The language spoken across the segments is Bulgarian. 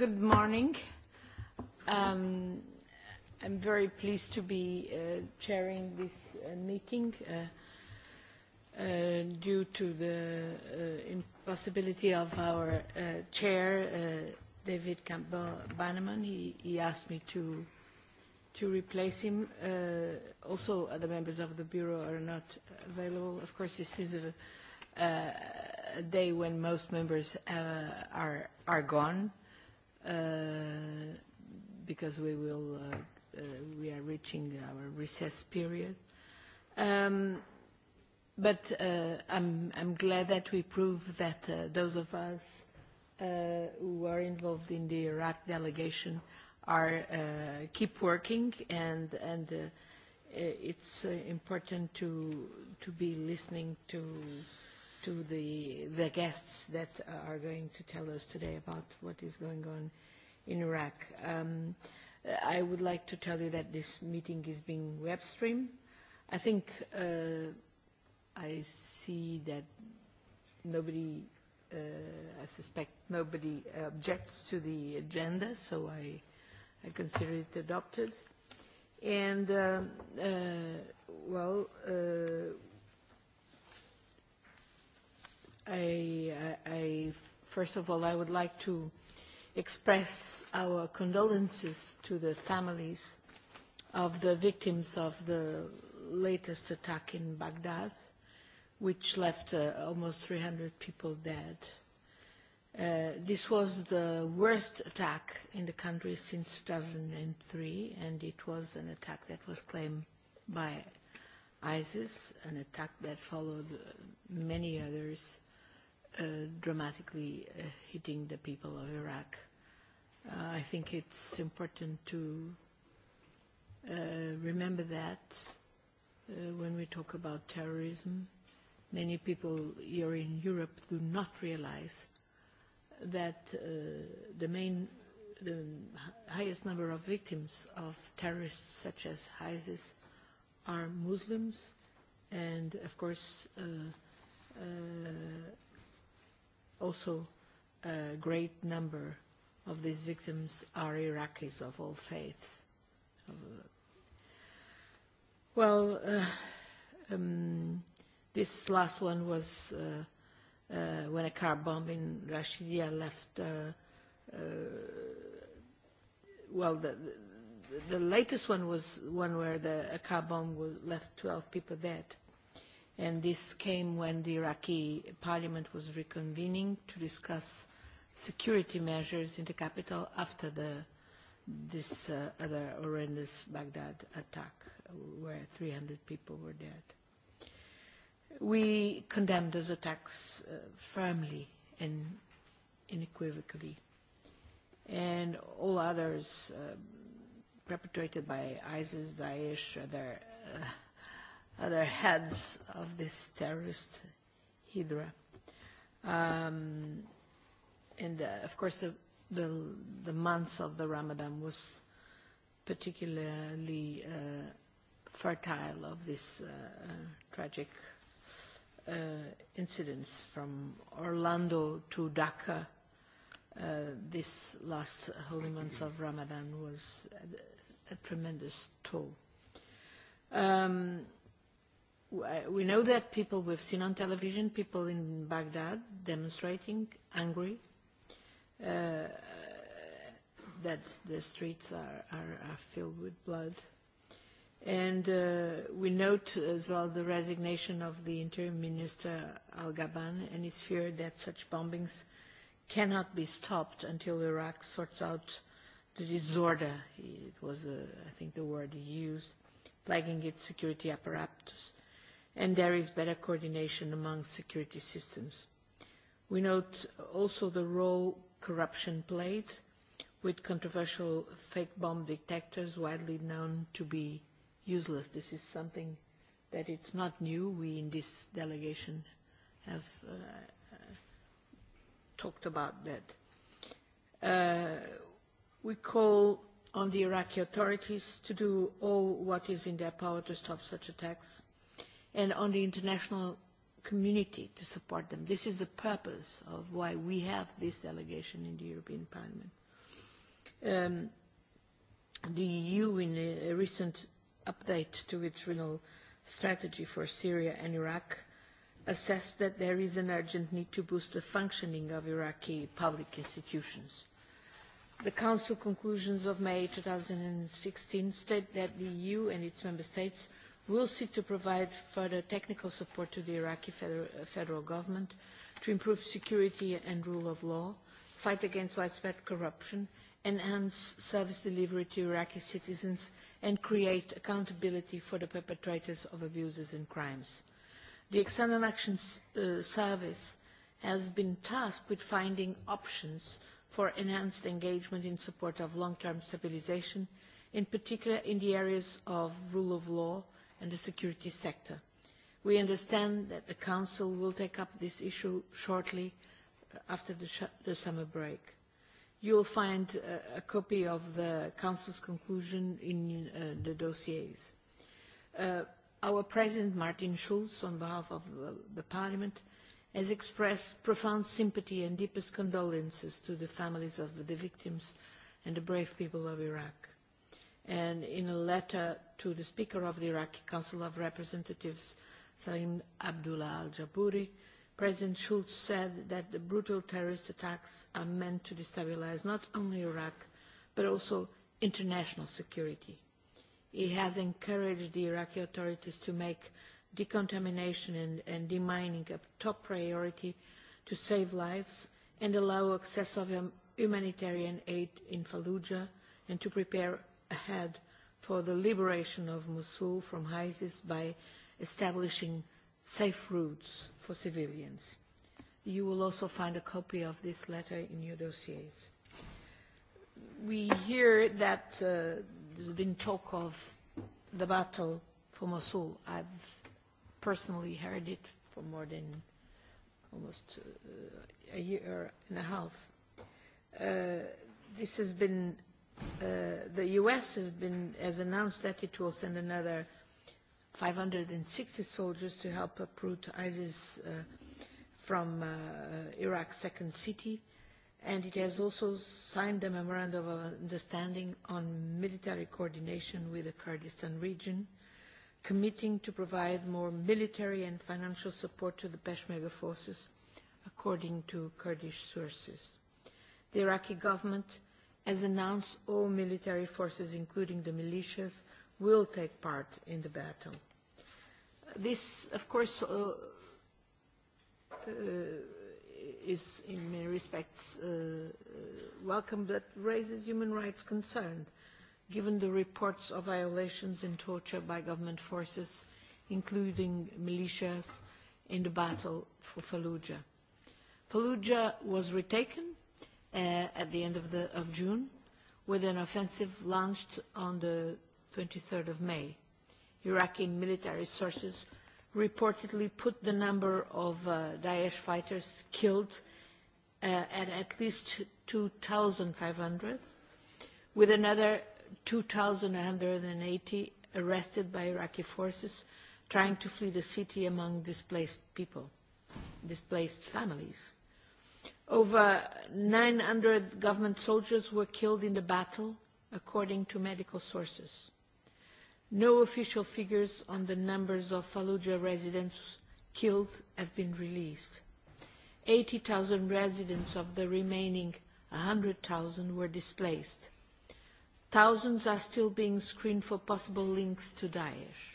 Good morning. Um, I'm very pleased to be uh, chairing this uh, meeting uh, uh, due to the uh, impossibility of our uh, chair, uh, David Campbell Bannerman. He, he asked me to to replace him. Uh, also, other members of the Bureau are not available. Of course, this is a, uh, a day when most members uh, are, are gone because we will uh, uh, we are reaching our recess period. Um, but uh, I'm I'm glad that we prove that uh, those of us uh, who are involved in the Iraq delegation are uh, keep working and and. Uh, it's uh, important to to be listening to uh, to the, the guests that are going to tell us today about what is going on in Iraq. Um, I would like to tell you that this meeting is being web streamed. I think uh, I see that nobody, uh, I suspect nobody objects to the agenda, so I, I consider it adopted. And, uh, uh, well, uh, I, I, first of all, I would like to express our condolences to the families of the victims of the latest attack in Baghdad, which left uh, almost 300 people dead. Uh, this was the worst attack in the country since 2003, and it was an attack that was claimed by ISIS, an attack that followed many others uh, dramatically uh, hitting the people of Iraq. Uh, I think it's important to uh, remember that uh, when we talk about terrorism. Many people here in Europe do not realize that uh, the main the highest number of victims of terrorists such as ISIS are Muslims and of course uh, uh, also a great number of these victims are Iraqis of all faiths. Well, uh, um, this last one was uh, uh, when a car bomb in Rashidia left. Uh, uh, well, the, the, the latest one was one where the, a car bomb was, left 12 people dead and this came when the Iraqi parliament was reconvening to discuss security measures in the capital after the, this uh, other horrendous Baghdad attack where 300 people were dead. We condemn those attacks uh, firmly and unequivocally. And all others uh, perpetrated by ISIS, Daesh, other uh, other heads of this terrorist hydra. Um, and uh, of course, the, the, the month of the Ramadan was particularly uh, fertile of this uh uh, tragic uh, incidents from Orlando to Dhaka. Uh, this last holy month of Ramadan was a, a tremendous toll. Um, we know that people we've seen on television, people in Baghdad demonstrating, angry, uh, that the streets are, are, are filled with blood. And uh, we note as well the resignation of the interim minister Al-Gaban and his fear that such bombings cannot be stopped until Iraq sorts out the disorder, it was, uh, I think, the word he used, flagging its security apparatus and there is better coordination among security systems. We note also the role corruption played with controversial fake bomb detectors widely known to be useless. This is something that it's not new. We in this delegation have uh, talked about that. Uh, we call on the Iraqi authorities to do all what is in their power to stop such attacks and on the international community to support them. This is the purpose of why we have this delegation in the European Parliament. Um, the EU, in a, a recent update to its renal strategy for Syria and Iraq, assessed that there is an urgent need to boost the functioning of Iraqi public institutions. The Council conclusions of May 2016 state that the EU and its member states – will seek to provide further technical support to the Iraqi federal government to improve security and rule of law, fight against widespread corruption, enhance service delivery to Iraqi citizens, and create accountability for the perpetrators of abuses and crimes. The External Action Service has been tasked with finding options for enhanced engagement in support of long-term stabilization, in particular in the areas of rule of law, and the security sector. We understand that the Council will take up this issue shortly after the, sh the summer break. You will find uh, a copy of the Council's conclusion in uh, the dossiers. Uh, our President, Martin Schulz, on behalf of uh, the Parliament, has expressed profound sympathy and deepest condolences to the families of the victims and the brave people of Iraq and in a letter to the Speaker of the Iraqi Council of Representatives, Salim Abdullah al jaburi President Schulz said that the brutal terrorist attacks are meant to destabilize not only Iraq, but also international security. He has encouraged the Iraqi authorities to make decontamination and, and demining a top priority to save lives and allow access of humanitarian aid in Fallujah and to prepare ahead for the liberation of Mosul from ISIS by establishing safe routes for civilians. You will also find a copy of this letter in your dossiers. We hear that uh, there's been talk of the battle for Mosul. I've personally heard it for more than almost uh, a year and a half. Uh, this has been the U.S. has been has announced that it will send another 560 soldiers to help uproot ISIS uh, from uh, Iraq's second city, and it has also signed a memorandum of understanding on military coordination with the Kurdistan region, committing to provide more military and financial support to the Peshmerga forces, according to Kurdish sources. The Iraqi government As announced, all military forces, including the militias, will take part in the battle. This, of course, uh, uh, is in many respects uh, welcome, but raises human rights concern, given the reports of violations and torture by government forces, including militias, in the battle for Fallujah. Fallujah was retaken uh, at the end of, the, of June with an offensive launched on the 23rd of May. Iraqi military sources reportedly put the number of uh, Daesh fighters killed uh, at at least 2,500, with another 2,180 arrested by Iraqi forces trying to flee the city among displaced people, displaced families. Over 900 government soldiers were killed in the battle, according to medical sources. No official figures on the numbers of Fallujah residents killed have been released. 80,000 residents of the remaining 100,000 were displaced. Thousands are still being screened for possible links to Daesh.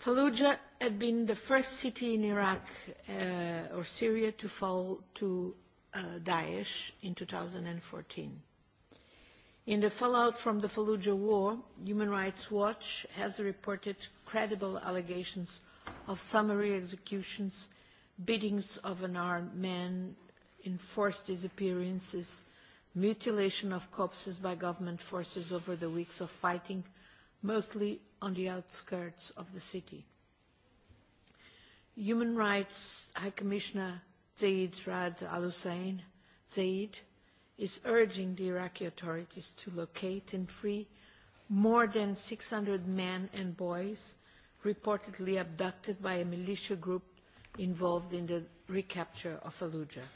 Fallujah had been the first city in Iraq uh, or Syria to fall to uh, Daesh in 2014. In the fallout from the Fallujah war, Human Rights Watch has reported credible allegations of summary executions, beatings of unarmed men, enforced disappearances, mutilation of corpses by government forces over the weeks of fighting, mostly on the outskirts of the city. Human Rights High Commissioner Zaid Rad Al Hussein Zaid is urging the Iraqi authorities to locate and free more than 600 men and boys reportedly abducted by a militia group involved in the recapture of Fallujah.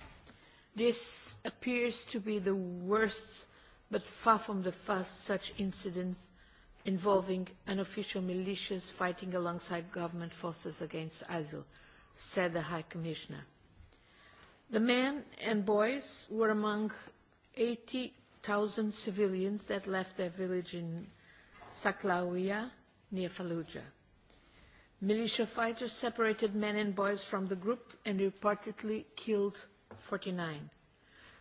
This appears to be the worst but far from the first such incident involving unofficial militias fighting alongside government forces against ISIL, said the High Commissioner. The men and boys were among 80,000 civilians that left their village in Saklawiya, near Fallujah. Militia fighters separated men and boys from the group and reportedly killed 49.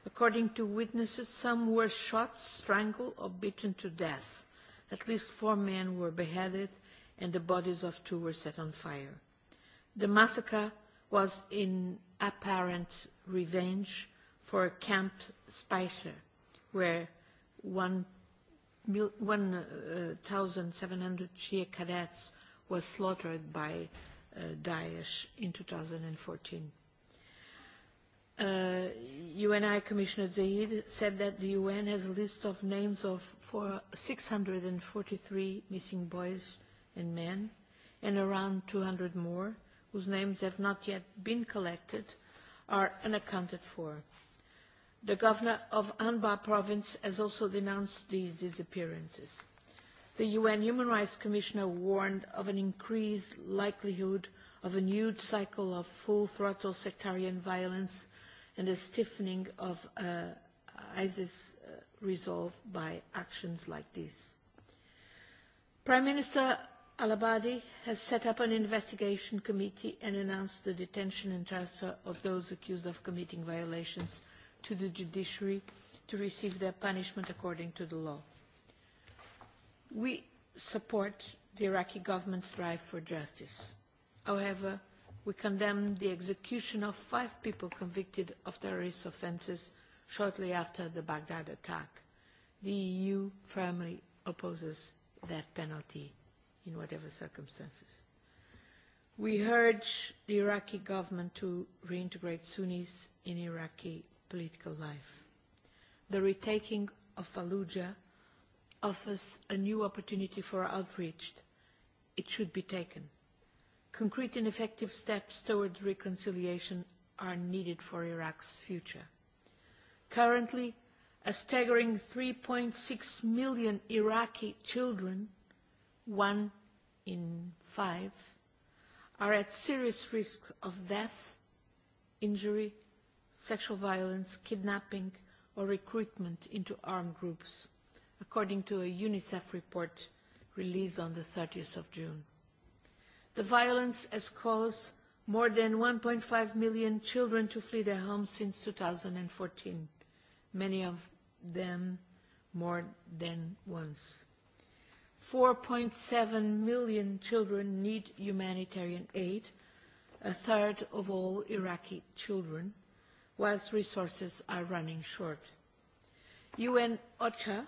According to witnesses, some were shot, strangled, or beaten to death. At least four men were beheaded and the bodies of two were set on fire. The massacre was in apparent revenge for Camp Speicher, where 1,700 Shia cadets were slaughtered by uh, Daesh in 2014 uh, UNI Commissioner Zahid said that the UN has a list of names of for 643 missing boys and men and around 200 more whose names have not yet been collected are unaccounted for. The governor of Anbar province has also denounced these disappearances. The UN Human Rights Commissioner warned of an increased likelihood of a new cycle of full-throttle sectarian violence and a stiffening of uh, ISIS resolve by actions like this. Prime Minister Al-Abadi has set up an investigation committee and announced the detention and transfer of those accused of committing violations to the judiciary to receive their punishment according to the law. We support the Iraqi government's drive for justice. However, we condemn the execution of five people convicted of terrorist offences shortly after the Baghdad attack. The EU firmly opposes that penalty in whatever circumstances. We urge the Iraqi government to reintegrate Sunnis in Iraqi political life. The retaking of Fallujah offers a new opportunity for outreach. It should be taken concrete and effective steps towards reconciliation are needed for Iraq's future. Currently, a staggering 3.6 million Iraqi children, one in five, are at serious risk of death, injury, sexual violence, kidnapping, or recruitment into armed groups, according to a UNICEF report released on the 30th of June. The violence has caused more than 1.5 million children to flee their homes since 2014, many of them more than once. 4.7 million children need humanitarian aid, a third of all Iraqi children, whilst resources are running short. UN OCHA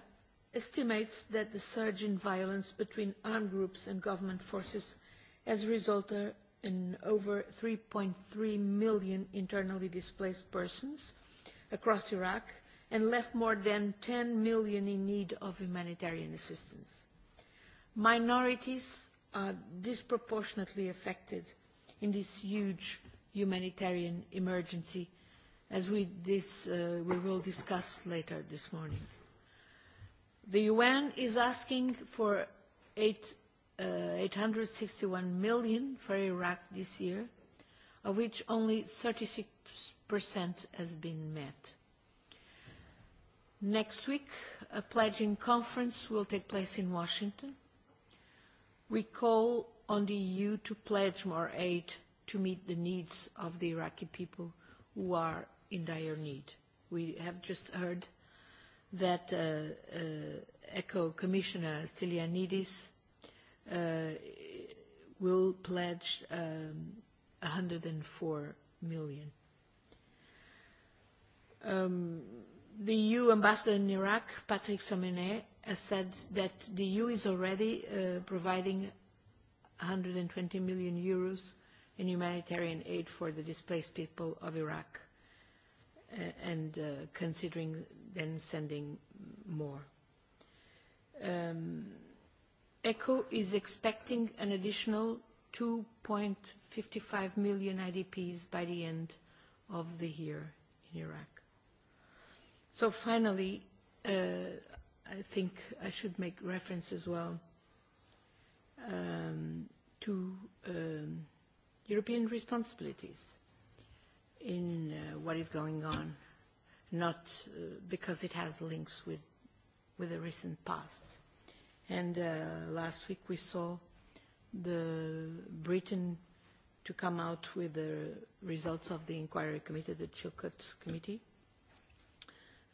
estimates that the surge in violence between armed groups and government forces as a result in over 3.3 million internally displaced persons across Iraq and left more than 10 million in need of humanitarian assistance. Minorities are disproportionately affected in this huge humanitarian emergency, as we, this, uh, we will discuss later this morning. The UN is asking for eight 861 million for Iraq this year, of which only 36% has been met. Next week, a pledging conference will take place in Washington. We call on the EU to pledge more aid to meet the needs of the Iraqi people who are in dire need. We have just heard that uh, uh, ECHO Commissioner Stylianidis will pledge um, 104 million. Um, the EU ambassador in Iraq, Patrick Sommelet, has said that the EU is already uh, providing 120 million euros in humanitarian aid for the displaced people of Iraq and uh, considering then sending more. Um, ECHO is expecting an additional 2.55 million IDPs by the end of the year in Iraq. So finally, uh, I think I should make reference as well um, to um, European responsibilities in uh, what is going on, not uh, because it has links with, with the recent past And uh, last week we saw the Britain to come out with the results of the inquiry committee, the Chilcot Committee,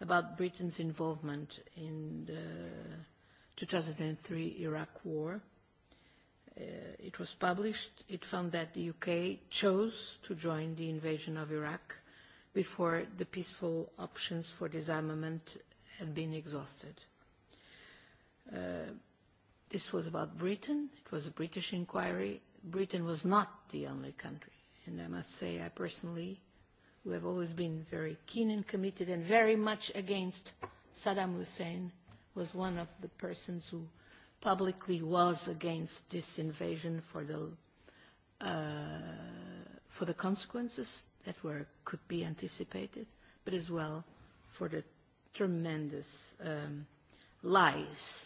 about Britain's involvement in the 2003 Iraq War. Uh, it was published. It found that the UK chose to join the invasion of Iraq before the peaceful options for disarmament had been exhausted this was about Britain. It was a British inquiry. Britain was not the only country. And I must say, I personally, who have always been very keen and committed and very much against Saddam Hussein, was one of the persons who publicly was against this invasion for the, uh, for the consequences that were, could be anticipated, but as well for the tremendous um, lies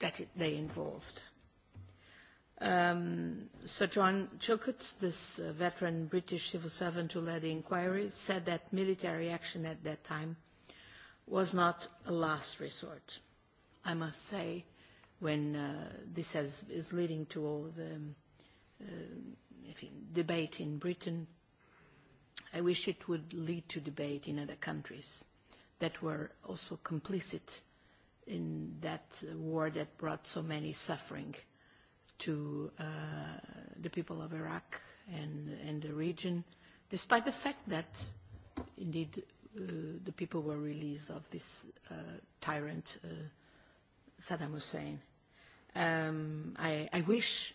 that it, they involved. Um, Sir John Chilcott, this uh, veteran British civil servant who led the inquiry, said that military action at that time was not a last resort. I must say, when uh, this has, is leading to all the uh, debate in Britain, I wish it would lead to debate in other countries that were also complicit in that war that brought so many suffering to uh, the people of Iraq and, and the region, despite the fact that indeed uh, the people were released of this uh, tyrant uh, Saddam Hussein. Um, I, I wish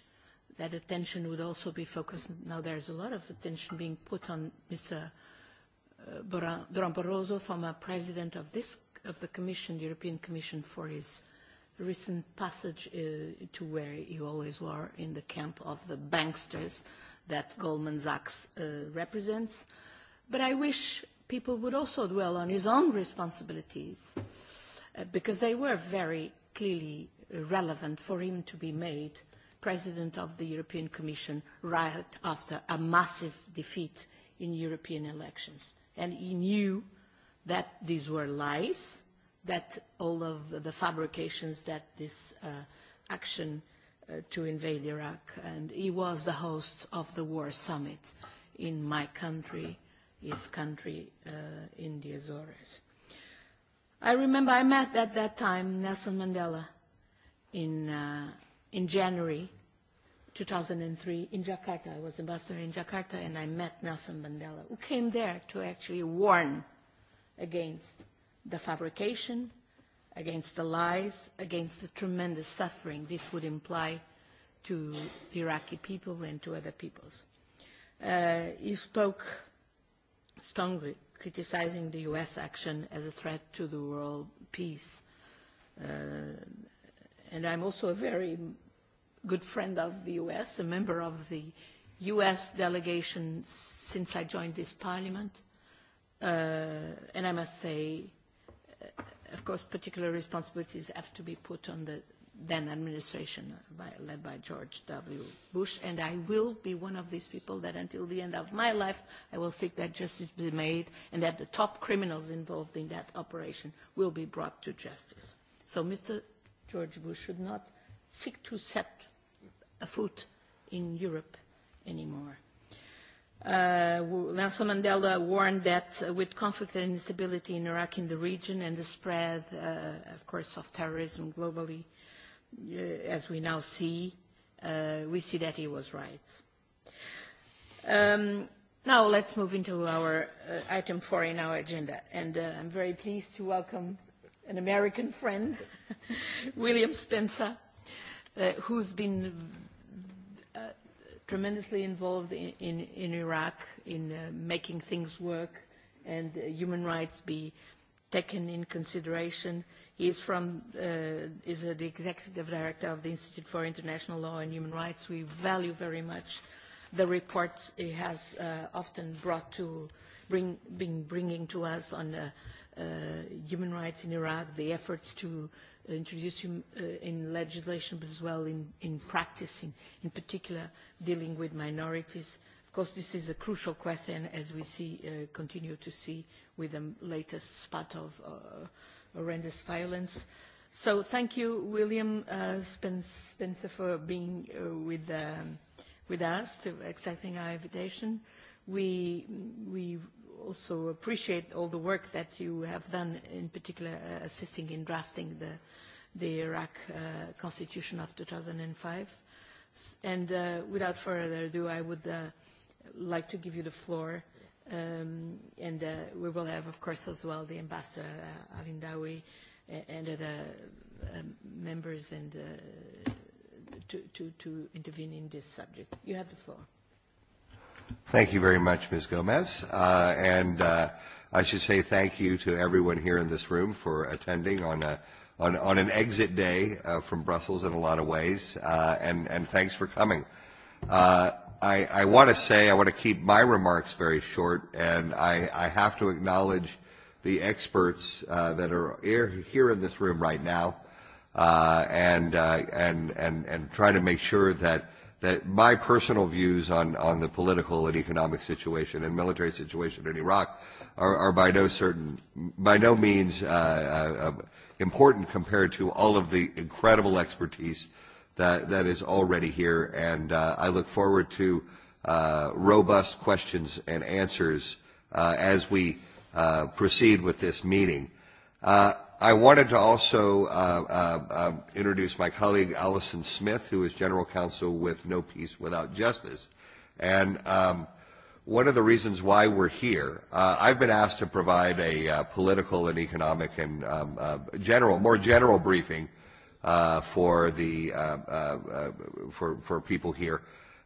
that attention would also be focused. Now there's a lot of attention being put on Mr. Duran Barroso, former president of this of the Commission, the European Commission, for his recent passage uh, to where he always were in the camp of the banksters that Goldman Sachs uh, represents. But I wish people would also dwell on his own responsibilities uh, because they were very clearly relevant for him to be made president of the European Commission right after a massive defeat in European elections. And he knew that these were lies, that all of the fabrications that this uh, action uh, to invade Iraq, and he was the host of the war summit in my country, his country, uh, in the Azores. I remember I met at that time Nelson Mandela in, uh, in January 2003 in Jakarta. I was ambassador in Jakarta, and I met Nelson Mandela, who came there to actually warn against the fabrication, against the lies, against the tremendous suffering this would imply to the Iraqi people and to other peoples. Uh, he spoke strongly criticizing the U.S. action as a threat to the world peace. Uh, and I'm also a very good friend of the U.S., a member of the U.S. delegation since I joined this parliament. Uh, and I must say, of course, particular responsibilities have to be put on the then administration by, led by George W. Bush, and I will be one of these people that until the end of my life, I will seek that justice be made and that the top criminals involved in that operation will be brought to justice. So Mr. George Bush should not seek to set a foot in Europe anymore. Uh, Nelson Mandela warned that uh, with conflict and instability in Iraq in the region and the spread, uh, of course, of terrorism globally, uh, as we now see, uh, we see that he was right. Um, now let's move into our uh, item four in our agenda, and uh, I'm very pleased to welcome an American friend, William Spencer, uh, who's been tremendously involved in, in, in Iraq in uh, making things work and uh, human rights be taken in consideration. He is from uh, is the executive director of the Institute for International Law and Human Rights. We value very much the reports he has uh, often brought to bring been bringing to us on uh, uh, human rights in Iraq, the efforts to uh, introduce in, uh, in legislation but as well in, in practicing, in particular dealing with minorities. Of course, this is a crucial question as we see, uh, continue to see with the latest spat of uh, horrendous violence. So thank you, William uh, Spencer, for being uh, with, um, with us, to accepting our invitation. We, we also appreciate all the work that you have done, in particular uh, assisting in drafting the, the Iraq uh, Constitution of 2005. And uh, without further ado, I would uh, like to give you the floor. Um, and uh, we will have, of course, as well the Ambassador uh, Dawi and other uh, members and uh, to, to, to intervene in this subject. You have the floor. Thank you very much, Ms. Gomez. Uh, and uh, I should say thank you to everyone here in this room for attending on a on, on an exit day uh, from Brussels in a lot of ways, uh, and, and thanks for coming. Uh, I, I want to say I want to keep my remarks very short, and I, I have to acknowledge the experts uh, that are here, here in this room right now, uh, and, uh, and, and, and try to make sure that that my personal views on, on the political and economic situation and military situation in Iraq are, are by no certain, by no means uh, uh, important compared to all of the incredible expertise that, that is already here. And uh, I look forward to uh, robust questions and answers uh, as we uh, proceed with this meeting. Uh, I wanted to also uh, uh, uh, introduce my colleague Allison Smith, who is General Counsel with No Peace Without Justice. And um, one of the reasons why we're here, uh, I've been asked to provide a uh, political and economic and um, uh, general, more general briefing uh, for the uh, uh, uh, for for people here,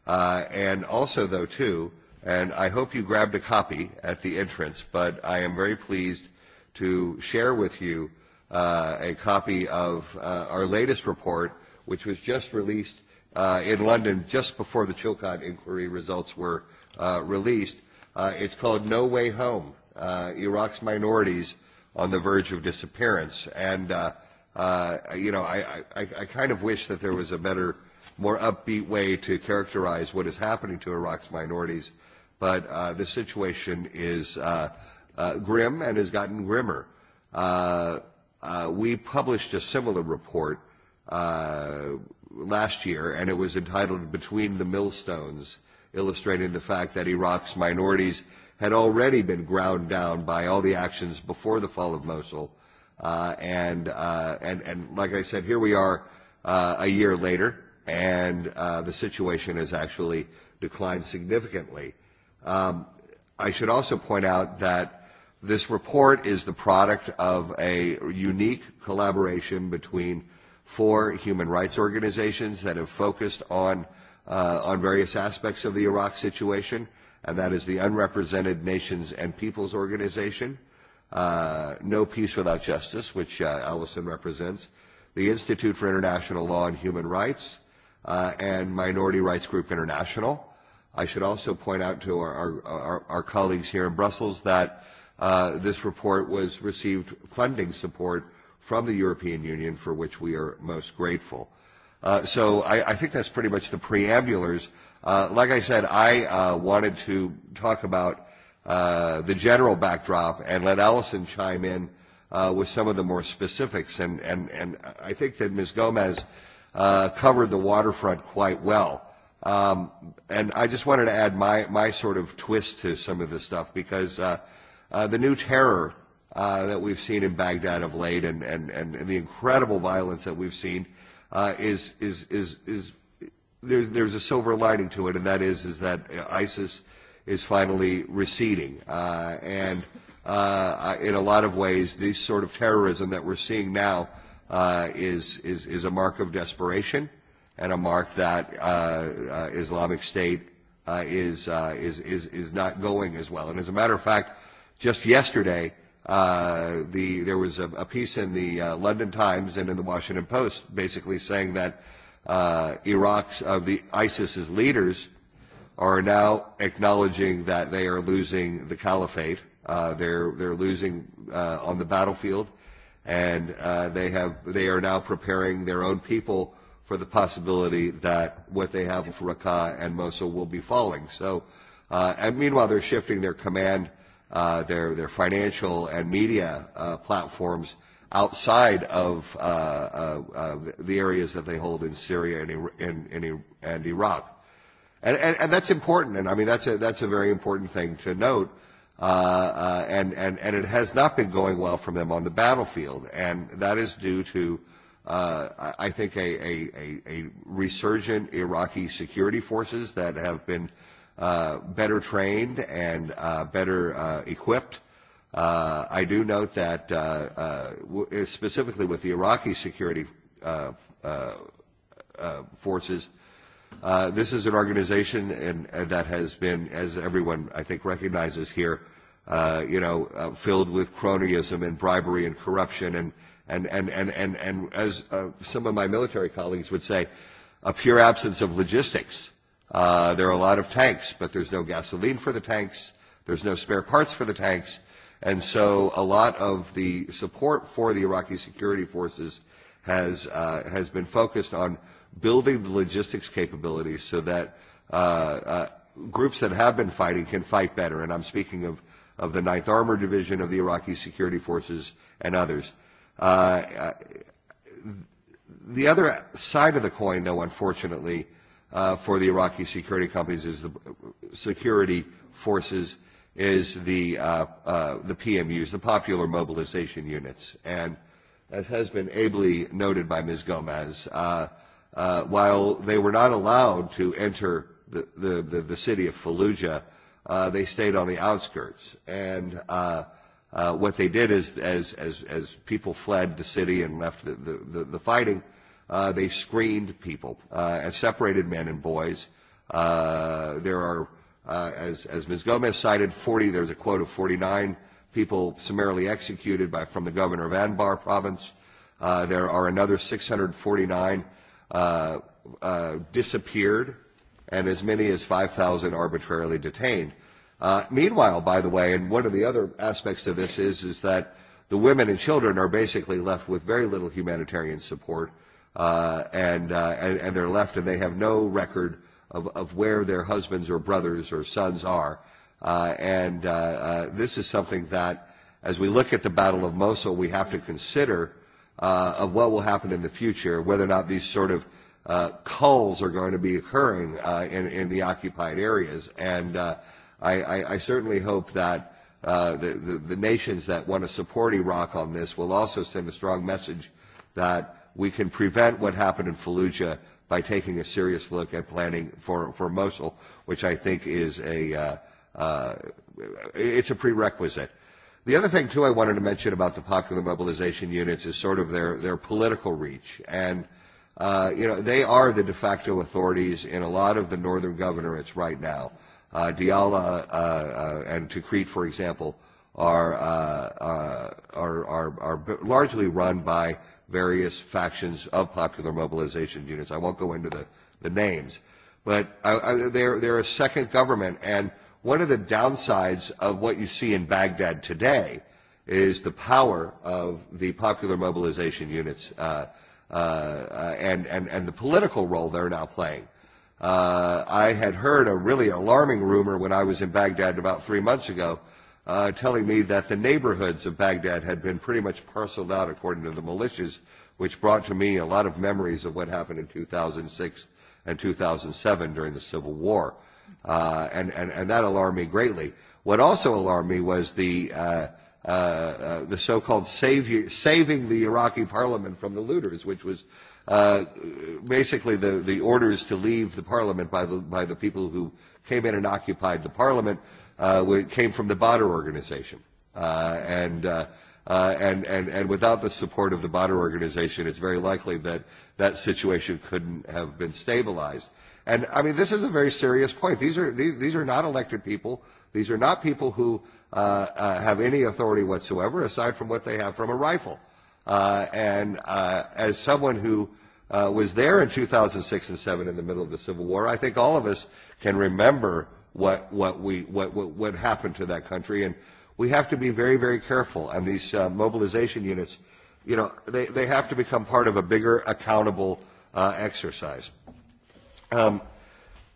uh, and also though too, and I hope you grabbed a copy at the entrance. But I am very pleased to share with you uh, a copy of uh, our latest report, which was just released uh, in London just before the Chilcot inquiry results were uh, released. Uh, it's called No Way Home, uh, Iraq's Minorities on the Verge of Disappearance. And, uh, uh, you know, I, I, I kind of wish that there was a better, more upbeat way to characterize what is happening to Iraq's minorities. But uh, the situation is uh, uh, grim and has gotten grimmer. Uh, Uh, we published a similar report uh, last year, and it was entitled Between the Millstones, illustrating the fact that Iraq's minorities had already been ground down by all the actions before the fall of Mosul. Uh, and, uh, and, and like I said, here we are uh, a year later, and uh, the situation has actually declined significantly. Um, I should also point out that This report is the product of a unique collaboration between four human rights organizations that have focused on uh, on various aspects of the Iraq situation, and that is the Unrepresented Nations and Peoples Organization, uh, No Peace Without Justice, which uh, Allison represents, the Institute for International Law and Human Rights, uh, and Minority Rights Group International. I should also point out to our, our, our, our colleagues here in Brussels that uh, this report was received funding support from the European Union, for which we are most grateful. Uh, so I, I think that's pretty much the preambulars. Uh, like I said, I uh, wanted to talk about uh, the general backdrop and let Allison chime in uh, with some of the more specifics. And, and, and I think that Ms. Gomez uh, covered the waterfront quite well. Um, and I just wanted to add my, my sort of twist to some of this stuff because uh, – uh, the new terror uh, that we've seen in Baghdad of late and, and, and, and the incredible violence that we've seen uh, is, is, is, is there, there's a silver lining to it, and that is, is that ISIS is finally receding. Uh, and uh, in a lot of ways, this sort of terrorism that we're seeing now uh, is, is, is a mark of desperation and a mark that uh, uh, Islamic State uh, is, uh, is, is, is not going as well. And as a matter of fact, Just yesterday, uh, the, there was a, a piece in the uh, London Times and in the Washington Post basically saying that uh, Iraq's of the ISIS's leaders are now acknowledging that they are losing the caliphate. Uh, they're they're losing uh, on the battlefield, and uh, they have they are now preparing their own people for the possibility that what they have for Raqqa and Mosul will be falling. So, uh, and meanwhile they're shifting their command uh, their their financial and media uh, platforms outside of uh, uh, uh, the areas that they hold in Syria and and Iraq, and, and and that's important. And I mean that's a that's a very important thing to note. Uh, uh, and and and it has not been going well for them on the battlefield, and that is due to. Uh, I think a, a, a, a resurgent Iraqi security forces that have been uh, uh, better trained and uh, better uh, equipped. Uh, I do note that uh, uh, w- specifically with the Iraqi security uh, uh, uh, forces, uh, this is an organization and, and that has been, as everyone I think recognizes here, uh, you know, uh, filled with cronyism and bribery and corruption and and and and and, and as uh, some of my military colleagues would say, a pure absence of logistics Uh, there are a lot of tanks, but there's no gasoline for the tanks. There's no spare parts for the tanks. And so a lot of the support for the Iraqi security forces has, uh, has been focused on building the logistics capabilities so that uh, uh, groups that have been fighting can fight better. And I'm speaking of, of the 9th Armored Division of the Iraqi Security Forces and others. Uh, the other side of the coin, though, unfortunately, uh, for the Iraqi security companies is the security forces is the uh, uh, the PMUs, the Popular Mobilization Units, and as has been ably noted by Ms. Gomez, uh, uh, while they were not allowed to enter the the, the, the city of Fallujah, uh, they stayed on the outskirts, and uh, uh, what they did is, as as as people fled the city and left the the, the, the fighting Uh, they screened people uh, as separated men and boys. Uh, there are, uh, as, as Ms. Gomez cited, 40, there's a quote of 49 people summarily executed by, from the governor of Anbar province. Uh, there are another 649 uh, uh, disappeared and as many as 5,000 arbitrarily detained. Uh, meanwhile, by the way, and one of the other aspects of this is, is that the women and children are basically left with very little humanitarian support. Uh, uh, and, uh, and, and they're left and they have no record of, of where their husbands or brothers or sons are. Uh, and uh, uh, this is something that, as we look at the Battle of Mosul, we have to consider uh, of what will happen in the future, whether or not these sort of uh, culls are going to be occurring uh, in, in the occupied areas. And uh, I, I, I certainly hope that uh, the, the, the nations that want to support Iraq on this will also send a strong message that we can prevent what happened in Fallujah by taking a serious look at planning for, for Mosul, which I think is a, uh, uh, it's a prerequisite. The other thing, too, I wanted to mention about the popular mobilization units is sort of their, their political reach. And, uh, you know, they are the de facto authorities in a lot of the northern governorates right now. Uh, Diala uh, uh, and Tikrit, for example, are, uh, uh, are, are, are largely run by various factions of popular mobilization units. I won't go into the, the names, but I, I, they're, they're a second government. And one of the downsides of what you see in Baghdad today is the power of the popular mobilization units uh, uh, and, and, and the political role they're now playing. Uh, I had heard a really alarming rumor when I was in Baghdad about three months ago uh, telling me that the neighborhoods of Baghdad had been pretty much parceled out according to the militias, which brought to me a lot of memories of what happened in 2006 and 2007 during the Civil War. Uh, and, and, and that alarmed me greatly. What also alarmed me was the, uh, uh, uh, the so-called save, saving the Iraqi parliament from the looters, which was uh, basically the, the orders to leave the parliament by the, by the people who came in and occupied the parliament uh, it came from the Badr organization. Uh, and, uh, uh, and, and, and without the support of the Badr organization, it's very likely that that situation couldn't have been stabilized. And I mean, this is a very serious point. These are, these, these are not elected people. These are not people who uh, uh, have any authority whatsoever, aside from what they have from a rifle. Uh, and uh, as someone who uh, was there in 2006 and 7 in the middle of the Civil War, I think all of us can remember what what we what what, what happened to that country, and we have to be very very careful. And these uh, mobilization units, you know, they they have to become part of a bigger accountable uh, exercise. Um,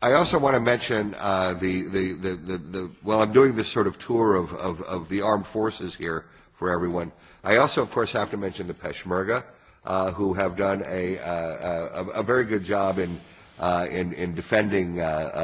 I also want to mention uh, the, the, the, the, the, well, I'm doing this sort of tour of, of, of the armed forces here for everyone. I also, of course, have to mention the Peshmerga, uh, who have done a, uh, a, a very good job in uh, in, in defending uh, uh,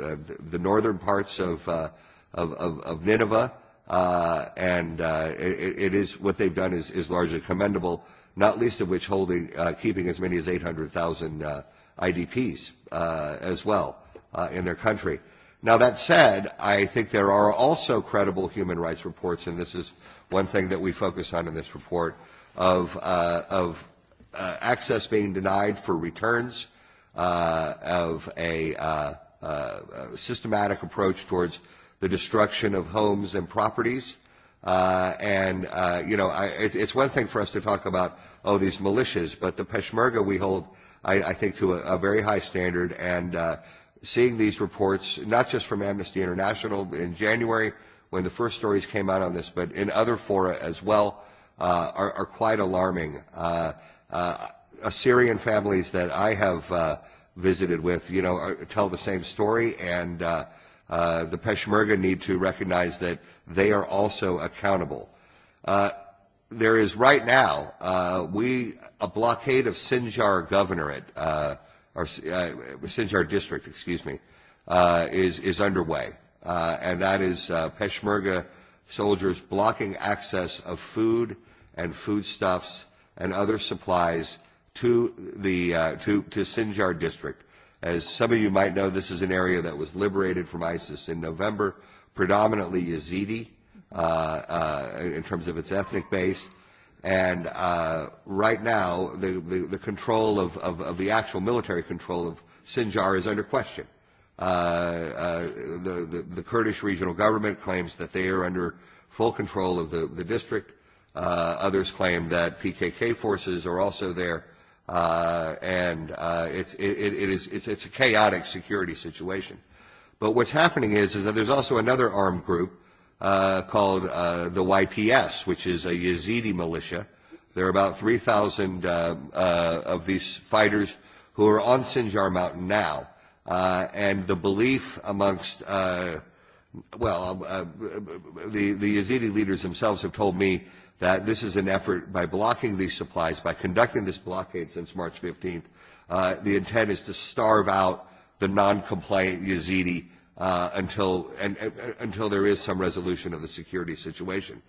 uh, the northern parts of, uh, of, of, of Nineveh. Uh, and uh, it, it is what they've done is, is largely commendable, not least of which holding, uh, keeping as many as 800,000 uh, IDPs uh, as well uh, in their country. Now, that said, I think there are also credible human rights reports, and this is one thing that we focus on in this report, of, uh, of uh, access being denied for returns uh, of a uh, uh, systematic approach towards the destruction of homes and properties. Uh, and, uh, you know, I, it, it's one thing for us to talk about, oh, these militias, but the Peshmerga we hold, I, I think, to a, a very high standard. And uh, seeing these reports, not just from Amnesty International in January when the first stories came out on this, but in other fora as well, uh, are, are quite alarming. Uh, uh, Assyrian families that I have uh, visited with, you know, are, tell the same story, and uh, uh, the Peshmerga need to recognize that they are also accountable. Uh, there is right now uh, we a blockade of Sinjar governorate uh, or uh, Sinjar district, excuse me, uh, is is underway, uh, and that is uh, Peshmerga soldiers blocking access of food and foodstuffs and other supplies to the uh, to to Sinjar district. As some of you might know, this is an area that was liberated from ISIS in November, predominantly Yazidi uh, uh, in terms of its ethnic base. And uh, right now, the, the, the control of, of, of the actual military control of Sinjar is under question. Uh, uh, the, the, the Kurdish regional government claims that they are under full control of the, the district. Uh, others claim that PKK forces are also there uh, and uh, it's, it, it is, it's, it's a chaotic security situation. But what's happening is, is that there's also another armed group uh, called uh, the YPS, which is a Yazidi militia. There are about 3,000 uh, uh, of these fighters who are on Sinjar Mountain now. Uh, and the belief amongst, uh, well, uh, the, the Yazidi leaders themselves have told me that this is an effort by blocking these supplies, by conducting this blockade since March 15th. Uh, the intent is to starve out the non-compliant Yazidi uh, until and, uh, until there is some resolution of the security situation.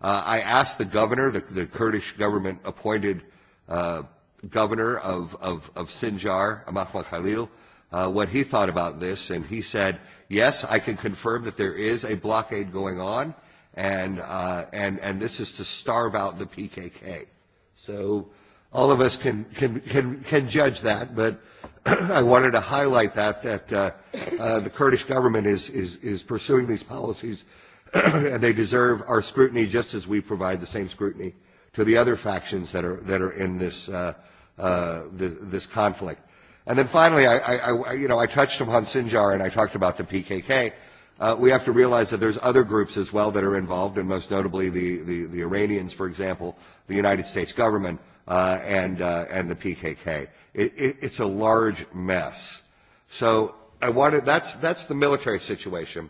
Uh, I asked the governor, the, the Kurdish government appointed uh, governor of, of, of Sinjar, Ahmad Khalil, uh, what he thought about this, and he said, yes, I can confirm that there is a blockade going on and, uh, and, and this is to starve out the PKK. So all of us can, can, can, can judge that, but I wanted to highlight that, that uh, uh, the Kurdish government is, is, is pursuing these policies and they deserve our scrutiny just as we provide the same scrutiny to the other factions that are, that are in this, uh, uh, the this conflict. And then finally, I, I, I, you know, I touched upon Sinjar and I talked about the PKK uh, we have to realize that there's other groups as well that are involved, and most notably the, the, the Iranians, for example, the United States government, uh, and, uh, and the PKK. It, it, it's a large mess. So I wanted, that's, that's the military situation.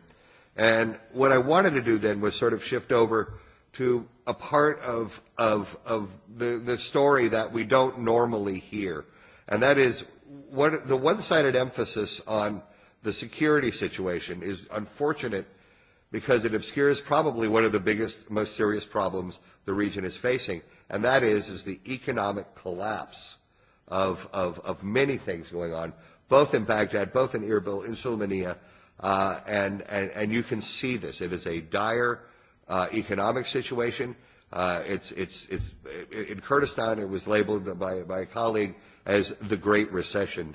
And what I wanted to do then was sort of shift over to a part of, of, of the, the story that we don't normally hear. And that is what, the one-sided emphasis on the security situation is unfortunate because it obscures probably one of the biggest, most serious problems the region is facing, and that is, is the economic collapse of, of, of many things going on, both in Baghdad, both in Erbil, in Sulaymaniyah, uh, and, and, and you can see this. It is a dire uh, economic situation. Uh, it's, it's, it's, in Kurdistan, it was labeled by, by a colleague as the Great Recession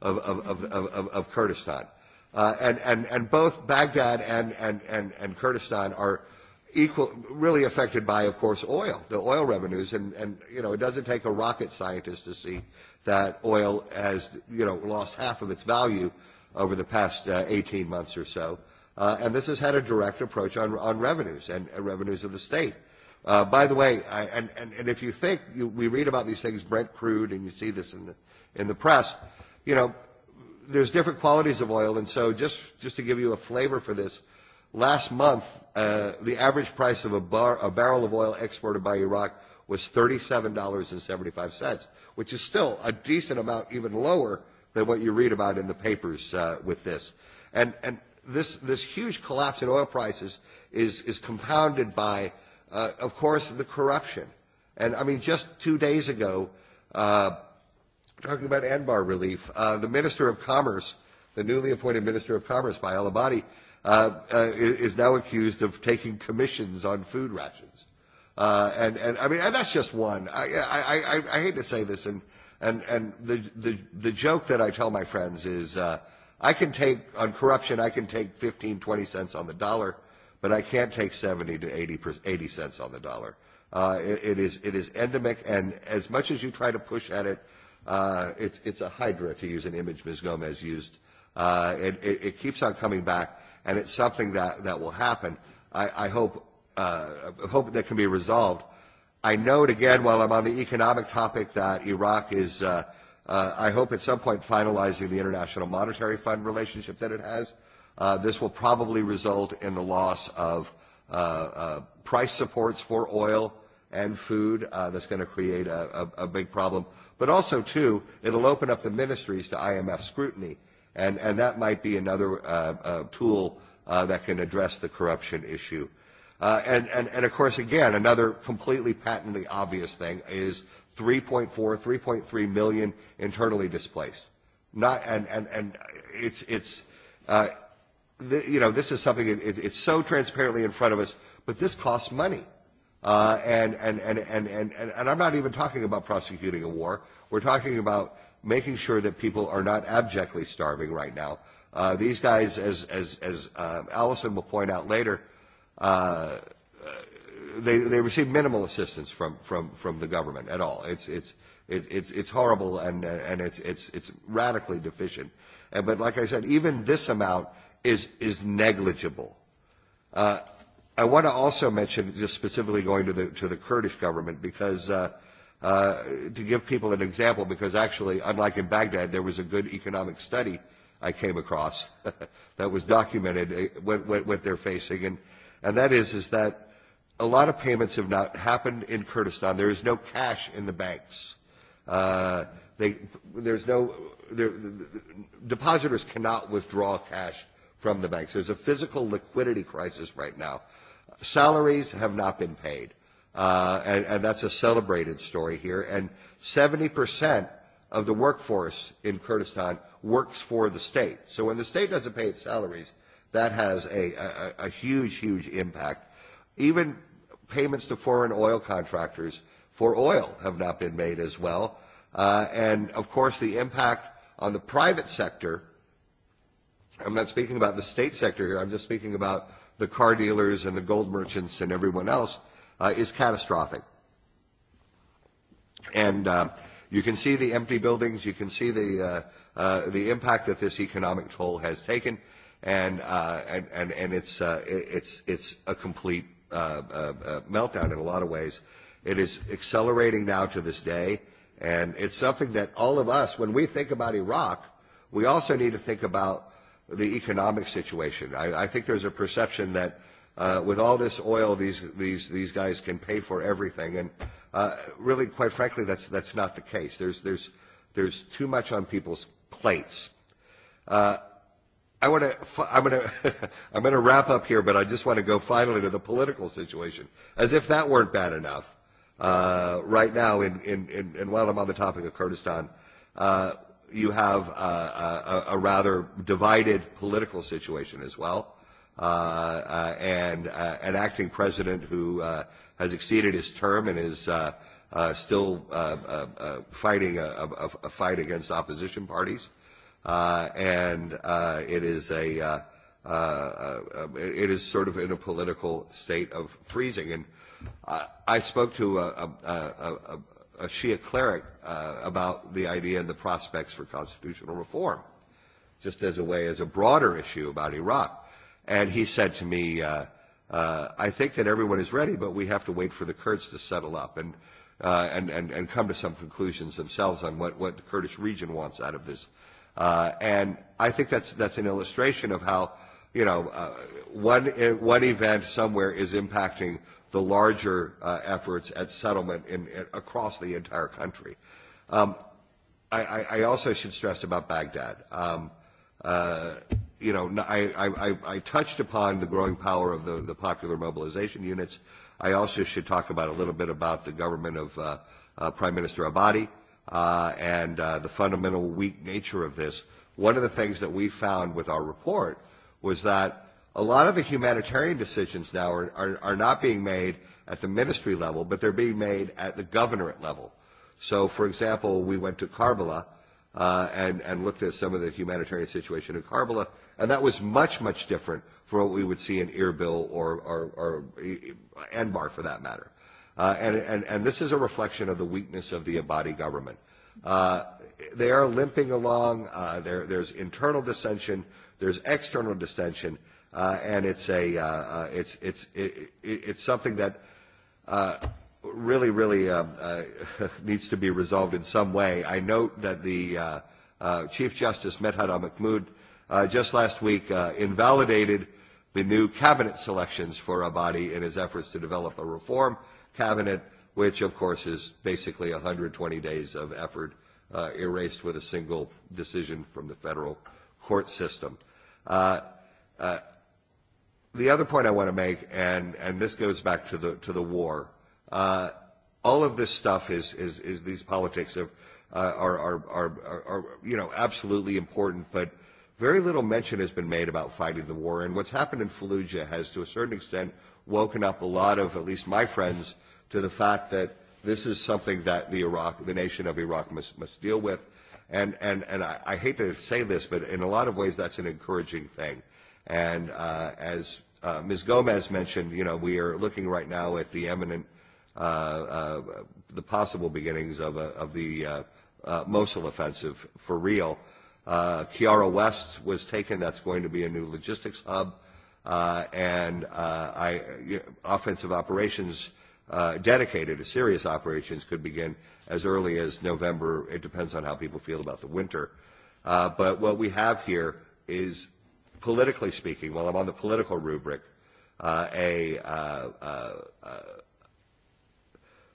of, of, of, of, of of Kurdistan. Uh, and, and, and both Baghdad and, and, and, and Kurdistan are equal, really affected by, of course, oil, the oil revenues. And, and, you know, it doesn't take a rocket scientist to see that oil has, you know, lost half of its value over the past uh, 18 months or so. Uh, and this has had a direct approach on, on revenues and uh, revenues of the state. Uh, by the way, I, and, and, and if you think you, we read about these things, Brent crude, and you see this in the, in the press, uh, you know, there's different qualities of oil, and so just, just to give you a flavor for this, last month uh, the average price of a, bar, a barrel of oil exported by Iraq was $37.75, which is still a decent amount, even lower than what you read about in the papers uh, with this. And, and this, this huge collapse in oil prices is, is compounded by, uh, of course, the corruption. And I mean, just two days ago, uh, talking about Anbar relief, uh, the Minister of Commerce, the newly appointed Minister of Commerce by al Abadi, uh, uh, is now accused of taking commissions on food rations. Uh, and, and I mean, and that's just one. I, I, I, I hate to say this, and, and, and the, the, the joke that I tell my friends is uh, I can take, on corruption, I can take 15, 20 cents on the dollar, but I can't take 70 to 80, 80 cents on the dollar. Uh, it, it, is, it is endemic, and as much as you try to push at it, Uh, it's, it's a hydra, to use an image Ms. Gomez used. Uh, it, it, it keeps on coming back, and it's something that, that will happen. I, I hope, uh, hope that can be resolved. I note again, while I'm on the economic topic, that Iraq is, uh, uh, I hope at some point, finalizing the International Monetary Fund relationship that it has. Uh, this will probably result in the loss of uh, uh, price supports for oil and food. Uh, that's going to create a, a, a big problem. But also, too, it'll open up the ministries to IMF scrutiny, and, and that might be another uh, uh, tool uh, that can address the corruption issue. Uh, and, and, and of course, again, another completely patently obvious thing is 3.4, 3.3 million internally displaced. Not, and, and, and it's, it's, uh, the, you know, this is something, it, it, it's so transparently in front of us, but this costs money Uh, and, and, and, and, and, and, and I'm not even talking about prosecuting a war. We're talking about making sure that people are not abjectly starving right now. Uh, these guys, as, as, as uh, Allison will point out later, uh, they, they receive minimal assistance from, from, from the government at all. It's, it's, it's, it's, it's horrible and, and it's, it's, it's radically deficient. And, but like I said, even this amount is, is negligible. Uh, I want to also mention, just specifically going to the to the Kurdish government, because uh, uh, to give people an example, because actually, unlike in Baghdad, there was a good economic study I came across that was documented what, what, what they're facing, and and that is is that a lot of payments have not happened in Kurdistan. There is no cash in the banks. Uh, they there's no there, the, depositors cannot withdraw cash from the banks. There's a physical liquidity crisis right now. Salaries have not been paid. Uh, and, and that's a celebrated story here. And 70% of the workforce in Kurdistan works for the state. So when the state doesn't pay its salaries, that has a, a, a huge, huge impact. Even payments to foreign oil contractors for oil have not been made as well. Uh, and of course, the impact on the private sector, I'm not speaking about the state sector here, I'm just speaking about the car dealers and the gold merchants and everyone else uh, is catastrophic. And uh, you can see the empty buildings, you can see the, uh, uh, the impact that this economic toll has taken, and, uh, and, and, and it's, uh, it's, it's a complete uh, uh, meltdown in a lot of ways. It is accelerating now to this day, and it's something that all of us, when we think about Iraq, we also need to think about the economic situation. I, I think there's a perception that uh, with all this oil, these these these guys can pay for everything, and uh, really, quite frankly, that's that's not the case. There's there's there's too much on people's plates. Uh, I wanna I'm I'm going to wrap up here, but I just want to go finally to the political situation, as if that weren't bad enough. Uh, right now, in, in, in, and while I'm on the topic of Kurdistan, uh, you have a, a, a rather divided political situation as well, uh, uh, and uh, an acting president who uh, has exceeded his term and is uh, uh, still uh, uh, uh, fighting a, a, a fight against opposition parties, uh, and uh, it is a uh, uh, uh, it is sort of in a political state of freezing. And I, I spoke to a, a, a, a Shia cleric uh, about the idea and the prospects for constitutional reform, just as a way, as a broader issue about Iraq. And he said to me, uh, uh, I think that everyone is ready, but we have to wait for the Kurds to settle up and, uh, and, and, and come to some conclusions themselves on what, what the Kurdish region wants out of this. Uh, and I think that's, that's an illustration of how, you know, uh, one, one event somewhere is impacting – the larger uh, efforts at settlement in, in, across the entire country. Um, I, I, I also should stress about Baghdad. Um, uh, you know, I, I, I touched upon the growing power of the, the popular mobilization units. I also should talk about a little bit about the government of uh, uh, Prime Minister Abadi uh, and uh, the fundamental weak nature of this. One of the things that we found with our report was that a lot of the humanitarian decisions now are, are, are not being made at the ministry level, but they're being made at the governorate level. So, for example, we went to Karbala uh, and, and looked at some of the humanitarian situation in Karbala, and that was much, much different from what we would see in Erbil or, or, or Anbar, for that matter. Uh, and, and, and this is a reflection of the weakness of the Abadi government. Uh, they are limping along. Uh, there, there's internal dissension. There's external dissension uh, and it's a uh, uh, it's it's it, it's something that uh, really really um, uh, needs to be resolved in some way. I note that the uh, uh, Chief Justice Medhat Al Mahmoud uh, just last week uh, invalidated the new cabinet selections for Abadi in his efforts to develop a reform cabinet, which of course is basically 120 days of effort uh, erased with a single decision from the federal court system. Uh, uh, the other point I want to make, and, and this goes back to the, to the war, uh, all of this stuff is, is, is these politics of, uh, are, are, are, are, are, you know, absolutely important, but very little mention has been made about fighting the war. And what's happened in Fallujah has, to a certain extent, woken up a lot of, at least my friends, to the fact that this is something that the Iraq, the nation of Iraq must, must deal with. And, and, and I, I hate to say this, but in a lot of ways, that's an encouraging thing. And uh, as Uh, Ms. Gomez mentioned, you know, we are looking right now at the eminent, uh, uh, the possible beginnings of, uh of the uh, uh, Mosul offensive for real. Uh, Kiara West was taken. That's going to be a new logistics hub. Uh, and uh, I, you know, offensive operations uh, dedicated to serious operations could begin as early as November. It depends on how people feel about the winter. Uh, but what we have here is politically speaking, while I'm on the political rubric, uh, a, uh, uh,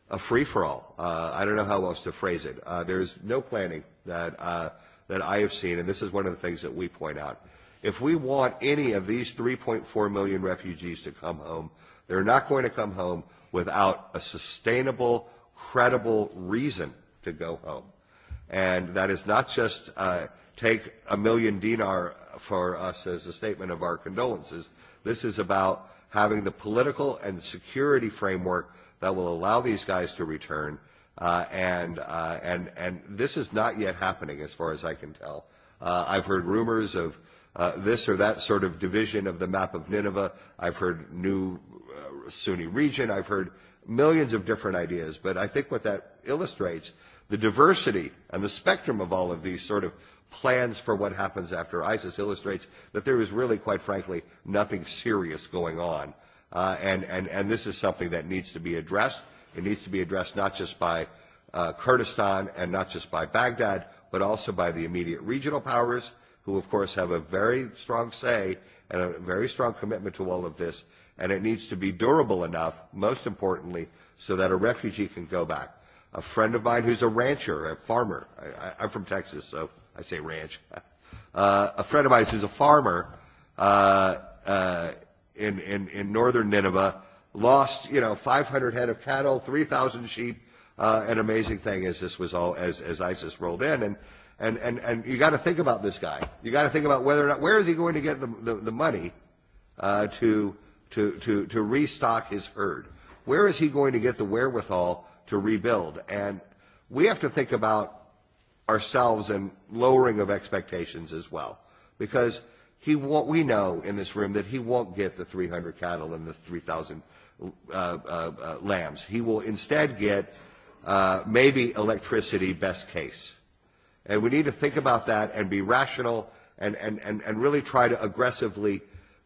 a free-for-all. Uh, I don't know how else to phrase it. Uh, there's no planning that, uh, that I have seen, and this is one of the things that we point out. If we want any of these 3.4 million refugees to come home, they're not going to come home without a sustainable, credible reason to go home. And that is not just uh, take a million dinar for us as a statement of our condolences. This is about having the political and security framework that will allow these guys to return. Uh, and, uh, and, and this is not yet happening as far as I can tell. Uh, I've heard rumors of uh, this or that sort of division of the map of Nineveh. I've heard new uh, Sunni region. I've heard millions of different ideas. But I think what that illustrates, the diversity and the spectrum of all of these sort of plans for what happens after ISIS illustrates that there is really, quite frankly, nothing serious going on. Uh, and, and, and this is something that needs to be addressed. It needs to be addressed not just by uh, Kurdistan and not just by Baghdad, but also by the immediate regional powers, who, of course, have a very strong say and a very strong commitment to all of this. And it needs to be durable enough, most importantly, so that a refugee can go back. A friend of mine who's a rancher, a farmer, I, I, I'm from Texas, so I say ranch. Uh, a friend of mine who's a farmer uh, uh, in, in, in northern Nineveh lost, you know, 500 head of cattle, 3,000 sheep. Uh, an amazing thing as this was all as, as ISIS rolled in, and and and and you got to think about this guy. You got to think about whether or not where is he going to get the the, the money uh, to to to to restock his herd. Where is he going to get the wherewithal to rebuild? And we have to think about ourselves and lowering of expectations as well. Because he won't, we know in this room that he won't get the 300 cattle and the 3,000 uh, uh, uh, lambs. He will instead get uh, maybe electricity best case. And we need to think about that and be rational and, and, and, and really try to aggressively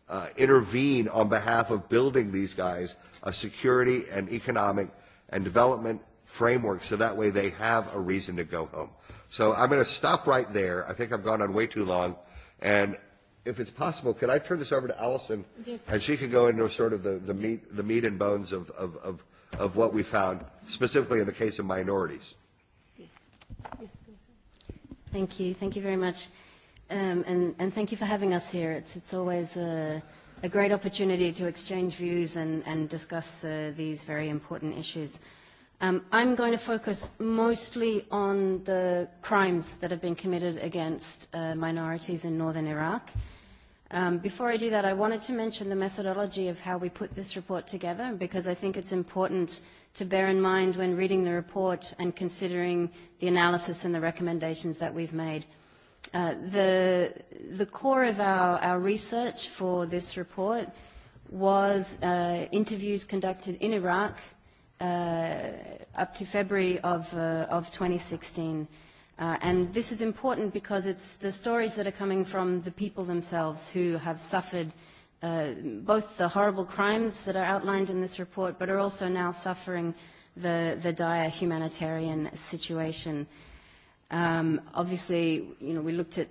uh, intervene on behalf of building these guys a security and economic and development framework so that way they have a reason to go home. So I'm going to stop right there. I think I've gone on way too long. And if it's possible, could I turn this over to Allison? Yes. And she could go into sort of the, the, meat, the meat and bones of, of, of, of what we found, specifically in the case of minorities. Yes. Thank you. Thank you very much. Um, and, and thank you for having us here. It's, it's always a, a great opportunity to exchange views and, and discuss uh, these very important issues. Um, I'm going to focus mostly on the crimes that have been committed against uh, minorities in northern Iraq. Um, before I do that, I wanted to mention the methodology of how we put this report together because I think it's important to bear in mind when reading the report and considering the analysis and the recommendations that we've made. Uh, the, the core of our, our research for this report was uh, interviews conducted in Iraq – uh, up to February of, uh, of 2016. Uh, and this is important because it's the stories that are coming from the people themselves who have suffered uh, both the horrible crimes that are outlined in this report, but are also now suffering the, the dire humanitarian situation. Um, obviously, you know, we looked at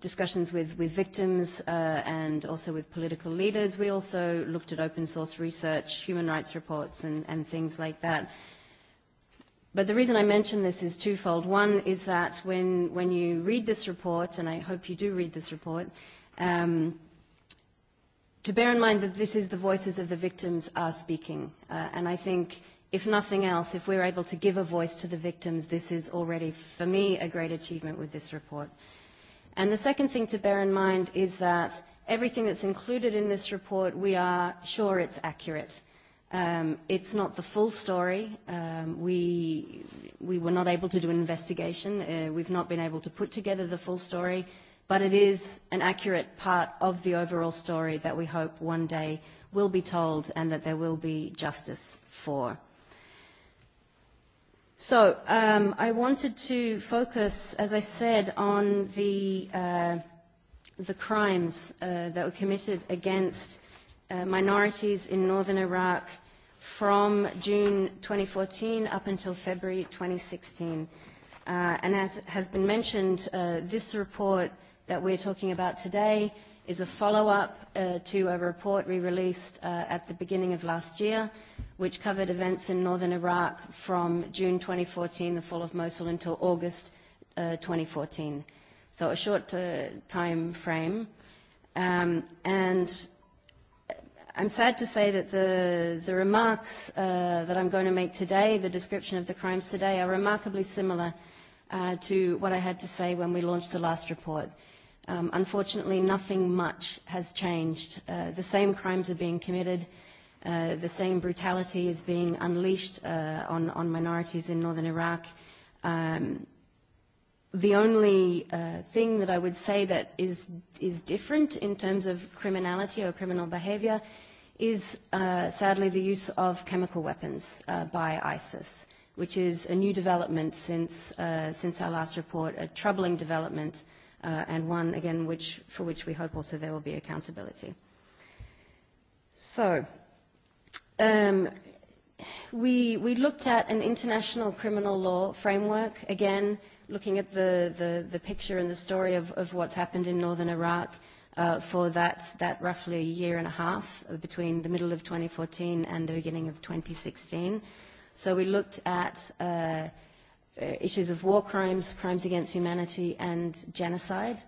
discussions with, with victims uh, and also with political leaders. We also looked at open source research, human rights reports, and, and things like that. But the reason I mention this is twofold. One is that when, when you read this report, and I hope you do read this report, um, to bear in mind that this is the voices of the victims are speaking. Uh, and I think, if nothing else, if we're able to give a voice to the victims, this is already, for me, a great achievement with this report. Uh, And the second thing to bear in mind is that everything that's included in this report, we are sure it's accurate. Um, it's not the full story. Um, we, we were not able to do an investigation. Uh, we've not been able to put together the full story, but it is an accurate part of the overall story that we hope one day will be told and that there will be justice for. So um, I wanted to focus, as I said, on the, uh, the crimes uh, that were committed against uh, minorities in northern Iraq from June 2014 up until February 2016. Uh, and as has been mentioned, uh, this report that we're talking about today is a follow-up uh, to a report we released uh, at the beginning of last year, which covered events in northern Iraq from June 2014, the fall of Mosul, until August uh, 2014. So a short uh, time frame. Um, and I'm sad to say that the, the remarks uh, that I'm going to make today, the description of the crimes today, are remarkably similar uh, to what I had to say when we launched the last report. Um, unfortunately, nothing much has changed. Uh, the same crimes are being committed uh, the same brutality is being unleashed uh, on, on minorities in northern Iraq. Um, the only uh, thing that I would say that is, is different in terms of criminality or criminal behavior is uh, sadly the use of chemical weapons uh, by ISIS, which is a new development since, uh, since our last report, a troubling development, uh, and one, again, which, for which we hope also there will be accountability. So, Um, we, we looked at an international criminal law framework, again, looking at the, the, the picture and the story of, of what's happened in northern Iraq uh, for that, that roughly a year and a half between the middle of 2014 and the beginning of 2016. So we looked at uh, issues of war crimes, crimes against humanity, and genocide.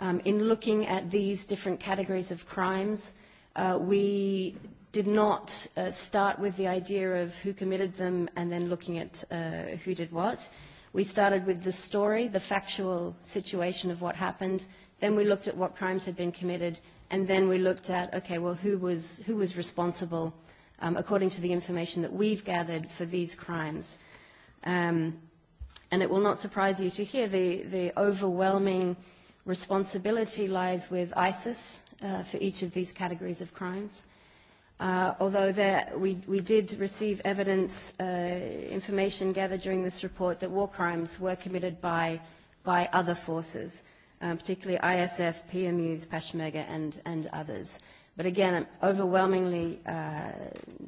Um, in looking at these different categories of crimes, uh, we did not uh, start with the idea of who committed them and then looking at uh, who did what. We started with the story, the factual situation of what happened. Then we looked at what crimes had been committed, and then we looked at okay, well, who was who was responsible um, according to the information that we've gathered for these crimes. Um, and it will not surprise you to hear the, the overwhelming responsibility lies with ISIS uh, for each of these categories of crimes. Uh, uh, although there, we, we did receive evidence, uh, information gathered during this report that war crimes were committed by, by other forces, um, particularly ISF, PMUs, Peshmerga, and, and others. But again, overwhelmingly, uh,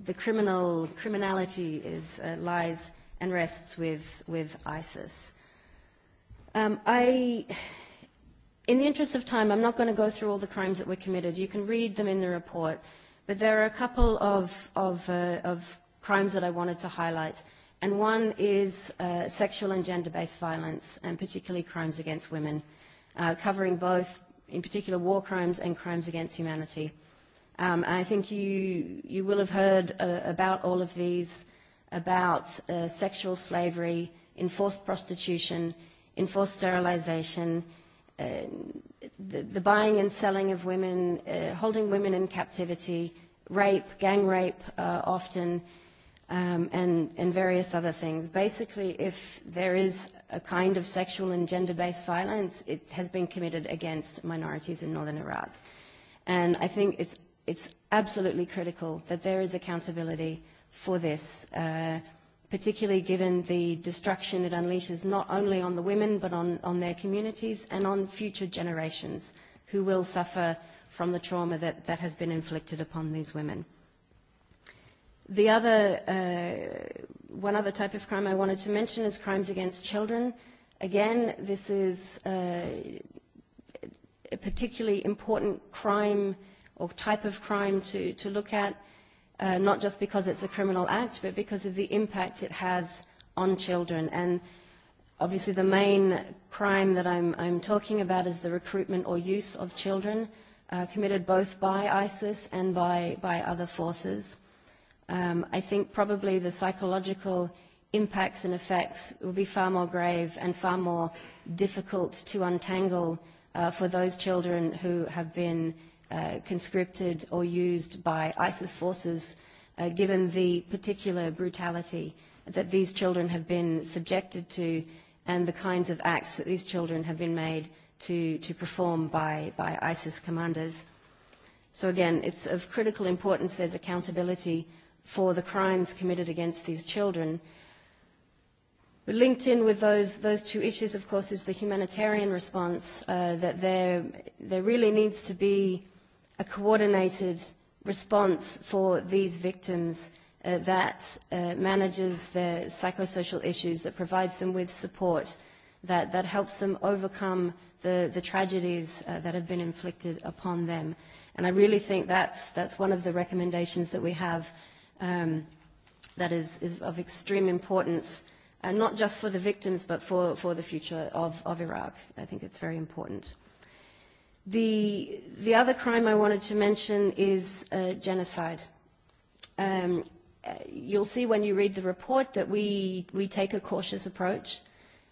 the criminal criminality is, uh, lies and rests with, with ISIS. Um, I, in the interest of time, I'm not going to go through all the crimes that were committed. You can read them in the report. But there are a couple of, of, uh, of crimes that I wanted to highlight. And one is uh, sexual and gender-based violence, and particularly crimes against women, uh, covering both, in particular, war crimes and crimes against humanity. Um, I think you, you will have heard uh, about all of these, about uh, sexual slavery, enforced prostitution, enforced sterilization, the, the buying and selling of women, uh, holding women in captivity, rape, gang rape uh, often, um, and, and various other things. Basically, if there is a kind of sexual and gender-based violence, it has been committed against minorities in northern Iraq. And I think it's, it's absolutely critical that there is accountability for this. Uh, particularly given the destruction it unleashes not only on the women but on, on their communities and on future generations who will suffer from the trauma that, that has been inflicted upon these women. The other, uh, one other type of crime I wanted to mention is crimes against children. Again, this is uh, a particularly important crime or type of crime to, to look at uh, not just because it's a criminal act, but because of the impact it has on children. And obviously, the main crime that I'm, I'm talking about is the recruitment or use of children uh, committed both by ISIS and by, by other forces. Um, I think probably the psychological impacts and effects will be far more grave and far more difficult to untangle uh, for those children who have been uh, conscripted or used by ISIS forces, uh, given the particular brutality that these children have been subjected to and the kinds of acts that these children have been made to, to perform by, by ISIS commanders. So again, it's of critical importance there's accountability for the crimes committed against these children. But linked in with those, those two issues, of course, is the humanitarian response, uh, that there, there really needs to be a coordinated response for these victims uh, that uh, manages their psychosocial issues, that provides them with support, that, that helps them overcome the, the tragedies uh, that have been inflicted upon them. And I really think that's, that's one of the recommendations that we have um, that is, is of extreme importance, uh, not just for the victims, but for, for the future of, of Iraq. I think it's very important. The, the other crime I wanted to mention is uh, genocide. Um, you'll see when you read the report that we, we take a cautious approach.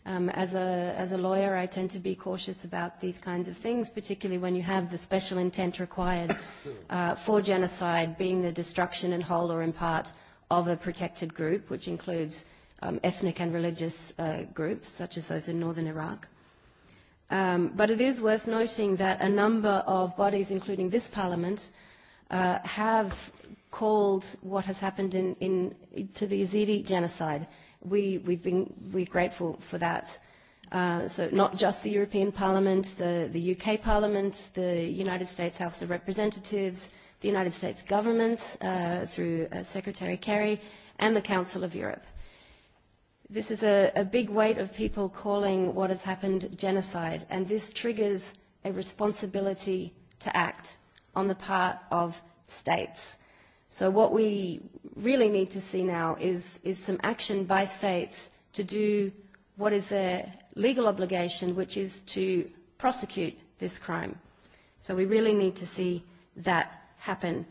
Um, as, a, as a lawyer, I tend to be cautious about these kinds of things, particularly when you have the special intent required uh, for genocide being the destruction in whole or in part of a protected group, which includes um, ethnic and religious uh, groups, such as those in northern Iraq. Um, but it is worth noting that a number of bodies, including this parliament, uh, have called what has happened in, in, to the Yazidi genocide. We, we've been we're grateful for that. Uh, so not just the European Parliament, the, the UK Parliament, the United States House of Representatives, the United States government uh, through uh, Secretary Kerry, and the Council of Europe. This is a, a big weight of people calling what has happened genocide, and this triggers a responsibility to act on the part of states. So what we really need to see now is, is some action by states to do what is their legal obligation, which is to prosecute this crime. So we really need to see that happen.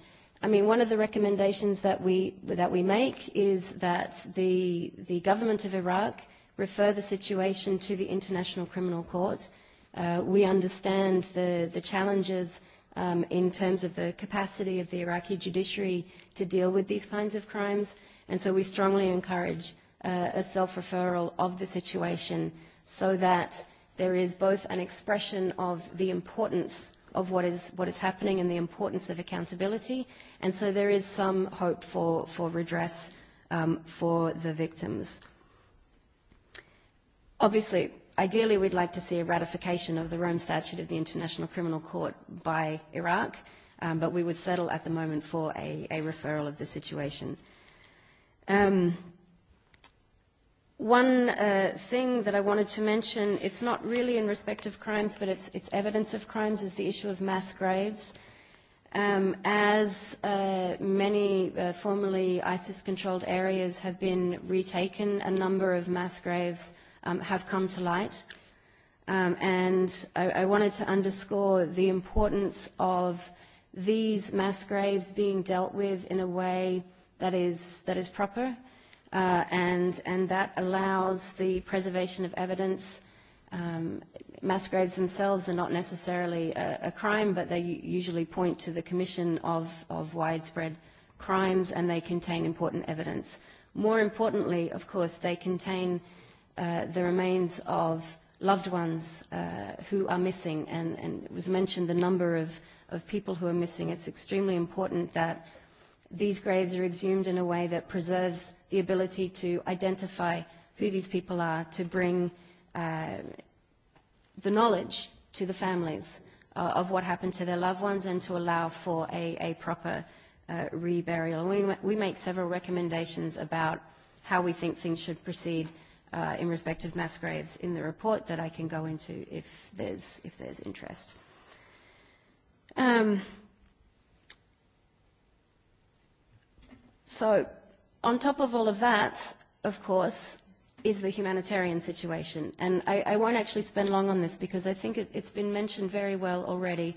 I mean, one of the recommendations that we, that we make is that the, the government of Iraq refer the situation to the International Criminal Court. Uh, we understand the, the challenges um, in terms of the capacity of the Iraqi judiciary to deal with these kinds of crimes, and so we strongly encourage uh, a self-referral of the situation so that there is both an expression of the importance of what is, what is happening and the importance of accountability. And so there is some hope for, for redress um, for the victims. Obviously, ideally, we'd like to see a ratification of the Rome Statute of the International Criminal Court by Iraq, um, but we would settle at the moment for a, a referral of the situation. Um, One uh, thing that I wanted to mention, it's not really in respect of crimes, but it's, it's evidence of crimes, is the issue of mass graves. Um, as uh, many uh, formerly ISIS-controlled areas have been retaken, a number of mass graves um, have come to light. Um, and I, I wanted to underscore the importance of these mass graves being dealt with in a way that is, that is proper, uh, and, and that allows the preservation of evidence. Um, mass graves themselves are not necessarily a, a crime, but they usually point to the commission of, of widespread crimes and they contain important evidence. More importantly, of course, they contain uh, the remains of loved ones uh, who are missing, and, and it was mentioned the number of, of people who are missing. It's extremely important that these graves are exhumed in a way that preserves the ability to identify who these people are, to bring uh, the knowledge to the families uh, of what happened to their loved ones and to allow for a, a proper uh, reburial. We, we make several recommendations about how we think things should proceed uh, in respect of mass graves in the report that I can go into if there's, if there's interest. Um, So on top of all of that, of course, is the humanitarian situation. And I, I won't actually spend long on this because I think it, it's been mentioned very well already.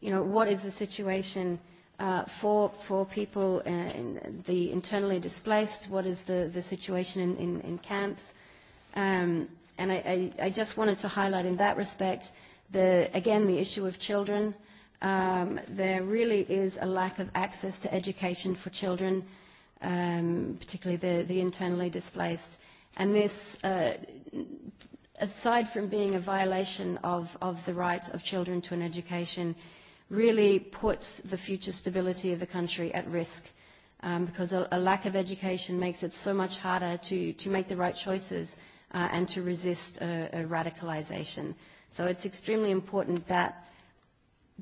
You know, what is the situation uh, for, for people, in the internally displaced? What is the, the situation in, in, in camps? Um, and I, I, I just wanted to highlight in that respect, the, again, the issue of children. Um, there really is a lack of access to education for children um, particularly the, the internally displaced. And this, uh, aside from being a violation of, of the right of children to an education, really puts the future stability of the country at risk um, because a, a lack of education makes it so much harder to, to make the right choices uh, and to resist a, a radicalization. So it's extremely important that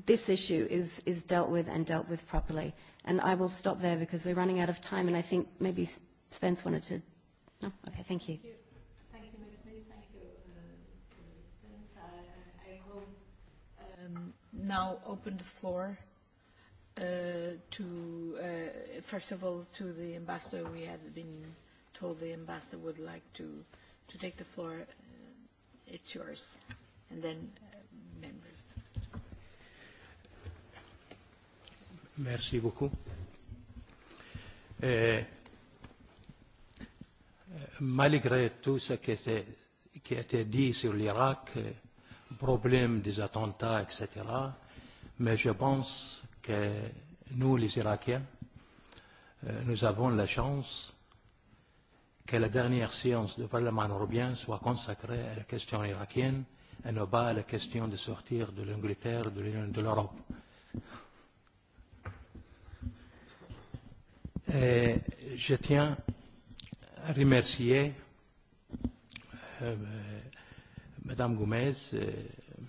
this issue is, is dealt with and dealt with properly. And I will stop there because we're running out of time, and I think maybe Spence wanted to. No? Okay, thank you. Thank you, now open the floor uh, to, uh, first of all, to the ambassador. We had been told the ambassador would like to, to take the floor. Uh, it's yours. And then Merci beaucoup. Et malgré tout ce qui, était, qui a été dit sur l'Irak, problème des attentats, etc., mais je pense que nous, les Irakiens, nous avons la chance que la dernière séance du Parlement européen soit consacrée à la question irakienne et non pas à la question de sortir de l'Angleterre, de l'Union de l'Europe. je tiens à remercier Madame Gomez,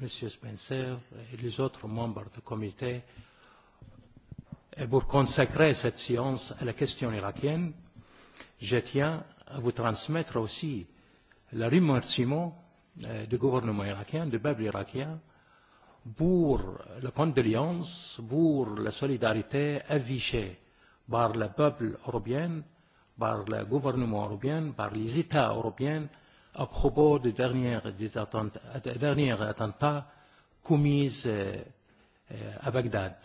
Monsieur Spencer et les autres membres du comité pour consacrer cette séance à la question irakienne. Je tiens à vous transmettre aussi le remerciement du gouvernement irakien, du peuple irakien, pour la condoléance, pour la solidarité affichée par le peuple européen, par le gouvernement européen, par les États européens à propos des derniers, des attentats, des derniers attentats commis à Bagdad.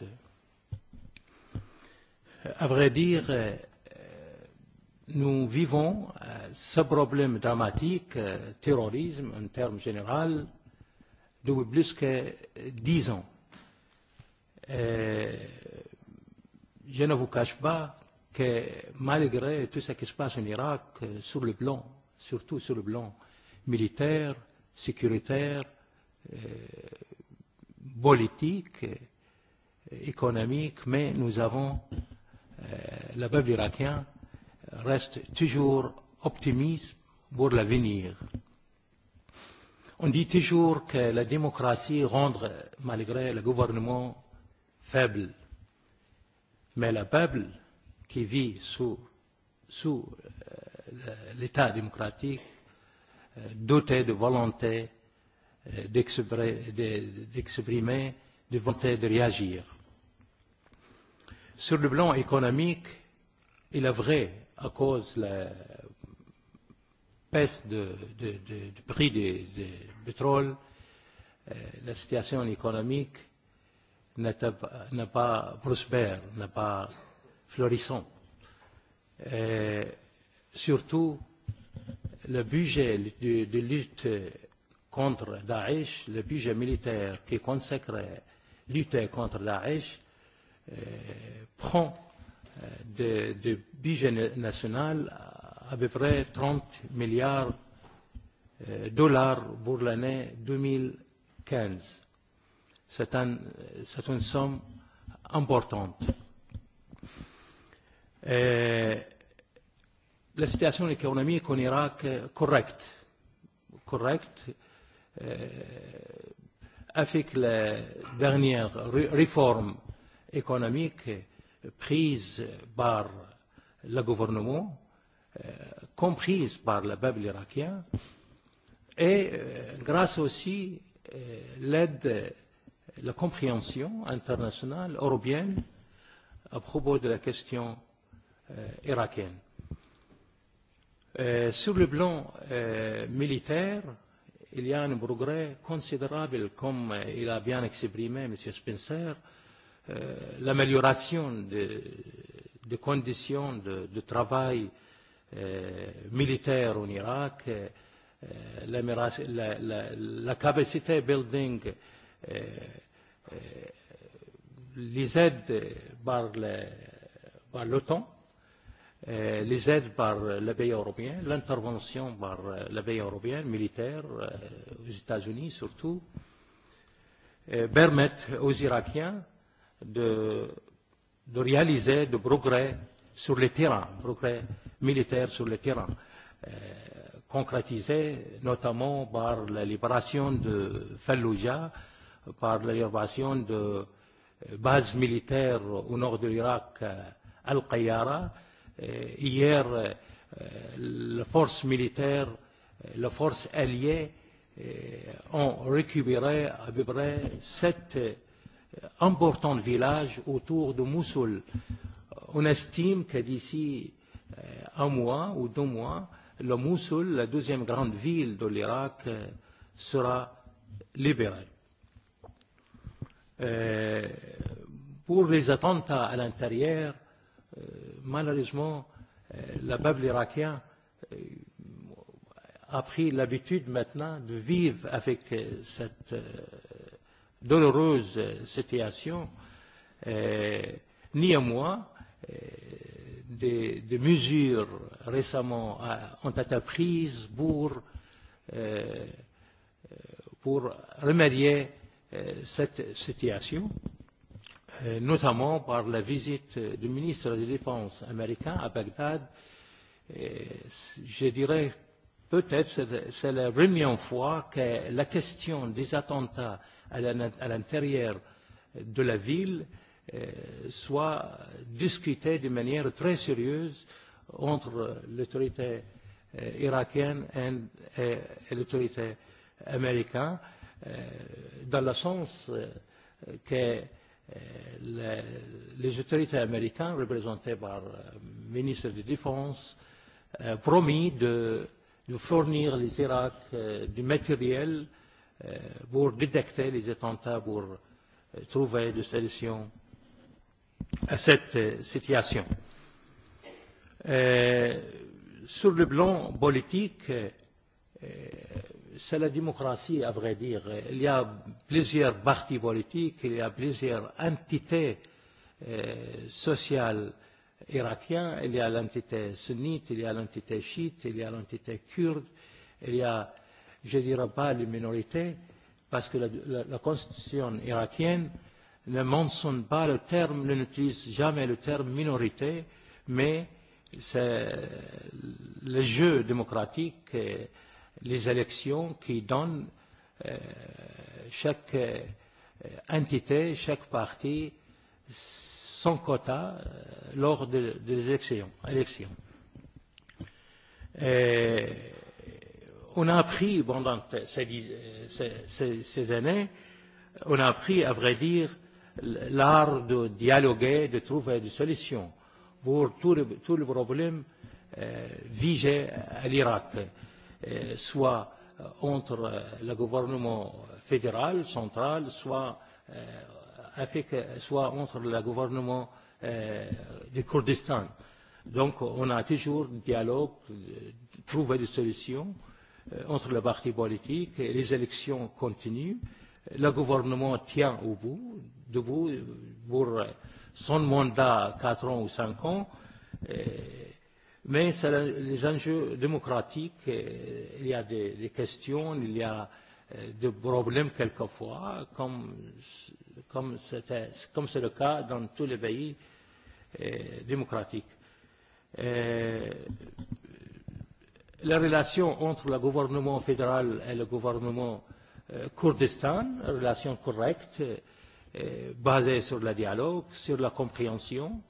À vrai dire, nous vivons ce problème dramatique, terrorisme en termes général, depuis plus que dix ans je ne vous cache pas que malgré tout ce qui se passe en Irak, sur le plan, surtout sur le plan militaire, sécuritaire, euh, politique, économique, mais nous avons, euh, le peuple irakien reste toujours optimiste pour l'avenir. On dit toujours que la démocratie rendre, malgré le gouvernement faible, Mais le peuple qui vit sous, sous l'État démocratique, doté de volonté d'exprimer, de volonté de réagir. Sur le plan économique, il est vrai, à cause de la baisse de, de, de, du prix du pétrole, la situation économique n'est pas prospère, n'est pas florissant. Et surtout, le budget de, de lutte contre Daesh, le budget militaire qui est consacré à lutter contre Daesh, euh, prend de, de budget national à peu près 30 milliards de dollars pour l'année 2015 C'est un, une somme importante. Et la situation économique en Irak est correcte. Correcte. Avec les dernières réformes économiques prises par le gouvernement, comprises par le peuple irakien, et grâce aussi à l'aide la compréhension internationale européenne à propos de la question euh, irakienne. Euh, sur le plan euh, militaire, il y a un progrès considérable, comme il a bien exprimé M. Spencer, euh, l'amélioration des de conditions de, de travail euh, militaire en Irak, euh, la, la, la, la capacité building euh, les aides par l'OTAN, les aides par les pays européens, l'intervention par les pays européens militaires, aux États-Unis surtout, permettent aux Irakiens de, de réaliser des progrès sur le terrain, progrès militaires sur le terrain, concrétisés notamment par la libération de Fallujah, par l'évasion de bases militaires au nord de l'Irak, Al-Qayyara. Hier, les forces militaires, les forces alliées ont récupéré à peu près sept importants villages autour de Mossoul. On estime que d'ici un mois ou deux mois, le Mossoul, la deuxième grande ville de l'Irak, sera libérée pour les attentats à l'intérieur, malheureusement, le peuple irakien a pris l'habitude maintenant de vivre avec cette douloureuse situation. Néanmoins, des, des mesures récemment ont été prises pour, pour remédier cette situation, notamment par la visite du ministre de la Défense américain à Bagdad. Je dirais peut-être c'est la première fois que la question des attentats à l'intérieur de la ville soit discutée de manière très sérieuse entre l'autorité irakienne et l'autorité américaine dans le sens que les autorités américaines, représentées par le ministre de la Défense, ont promis de, fournir les Irak du matériel pour détecter les attentats, pour trouver des solutions à cette situation. sur le plan politique, c'est la démocratie, à vrai dire. Il y a plusieurs partis politiques, il y a plusieurs entités euh, sociales irakiennes, il y a l'entité sunnite, il y a l'entité chiite, il y a l'entité kurde, il y a, je ne dirais pas les minorités, parce que la, la, la constitution irakienne ne mentionne pas le terme, ne n'utilise jamais le terme minorité, mais c'est le jeu démocratique. Et, les élections qui donnent chaque entité, chaque parti son quota lors de, des élections. élections. Et on a appris pendant ces, ces, ces années, on a appris, à vrai dire, l'art de dialoguer, de trouver des solutions pour tous les tout le problèmes euh, vigés à l'Irak. Euh, soit entre le gouvernement fédéral, central, soit, avec, soit entre le gouvernement du Kurdistan. Donc on a toujours un dialogue, trouver des solutions entre les partis politiques, les élections continuent, le gouvernement tient au bout, debout pour son mandat quatre ans ou cinq ans. Mais c'est les enjeux démocratiques, il y a des, des questions, il y a des problèmes quelquefois, comme, c'est comme c'est le cas dans tous les pays démocratiques. Et la relation entre le gouvernement fédéral et le gouvernement euh, Kurdistan, relation correcte, basée sur le dialogue, sur la compréhension,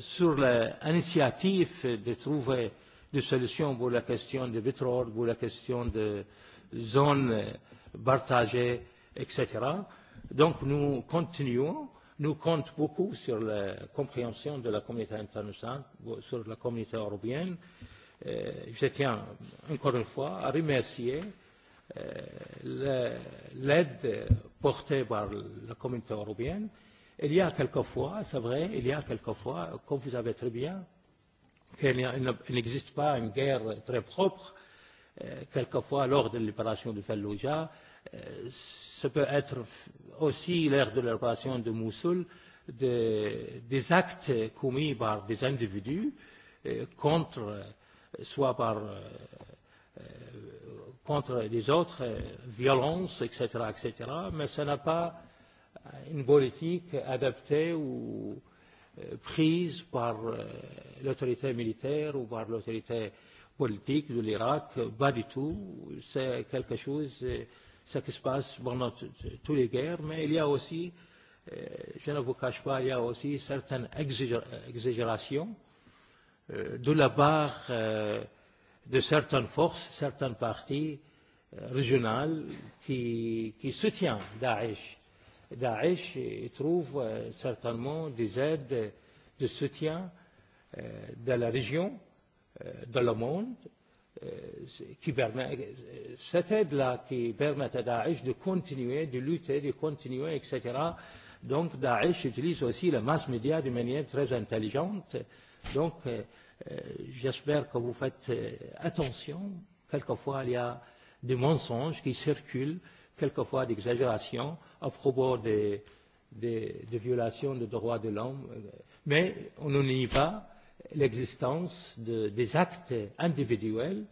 sur l'initiative de trouver des solutions pour la question du pétrole, pour la question de zones partagées, etc. Donc nous continuons, nous comptons beaucoup sur la compréhension de la communauté internationale, sur la communauté européenne. Je tiens encore une fois à remercier l'aide portée par la communauté européenne Il y a quelquefois, c'est vrai, il y a quelquefois, comme vous savez très bien, qu'il n'existe pas une guerre très propre. Quelquefois, lors de l'opération de Fallujah, ce peut être aussi l'ère de l'opération de Moussoul, de, des actes commis par des individus contre, soit par contre les autres, violences, etc., etc., mais ça n'a pas une politique adaptée ou prise par l'autorité militaire ou par l'autorité politique de l'Irak, pas du tout. C'est quelque chose, ce qui se passe pendant toutes les guerres, mais il y a aussi, je ne vous cache pas, il y a aussi certaines exagérations de la part de certaines forces, certaines parties régionales qui, qui soutiennent Daesh Daesh trouve certainement des aides de soutien de la région, de le monde, qui permet, cette aide-là qui permet à Daesh de continuer, de lutter, de continuer, etc. Donc Daesh utilise aussi la masse média de manière très intelligente. Donc j'espère que vous faites attention. Quelquefois, il y a des mensonges qui circulent quelquefois d'exagération à propos des, des, des violations des droits de l'homme. Mais on ne nie pas l'existence de, des actes individuels.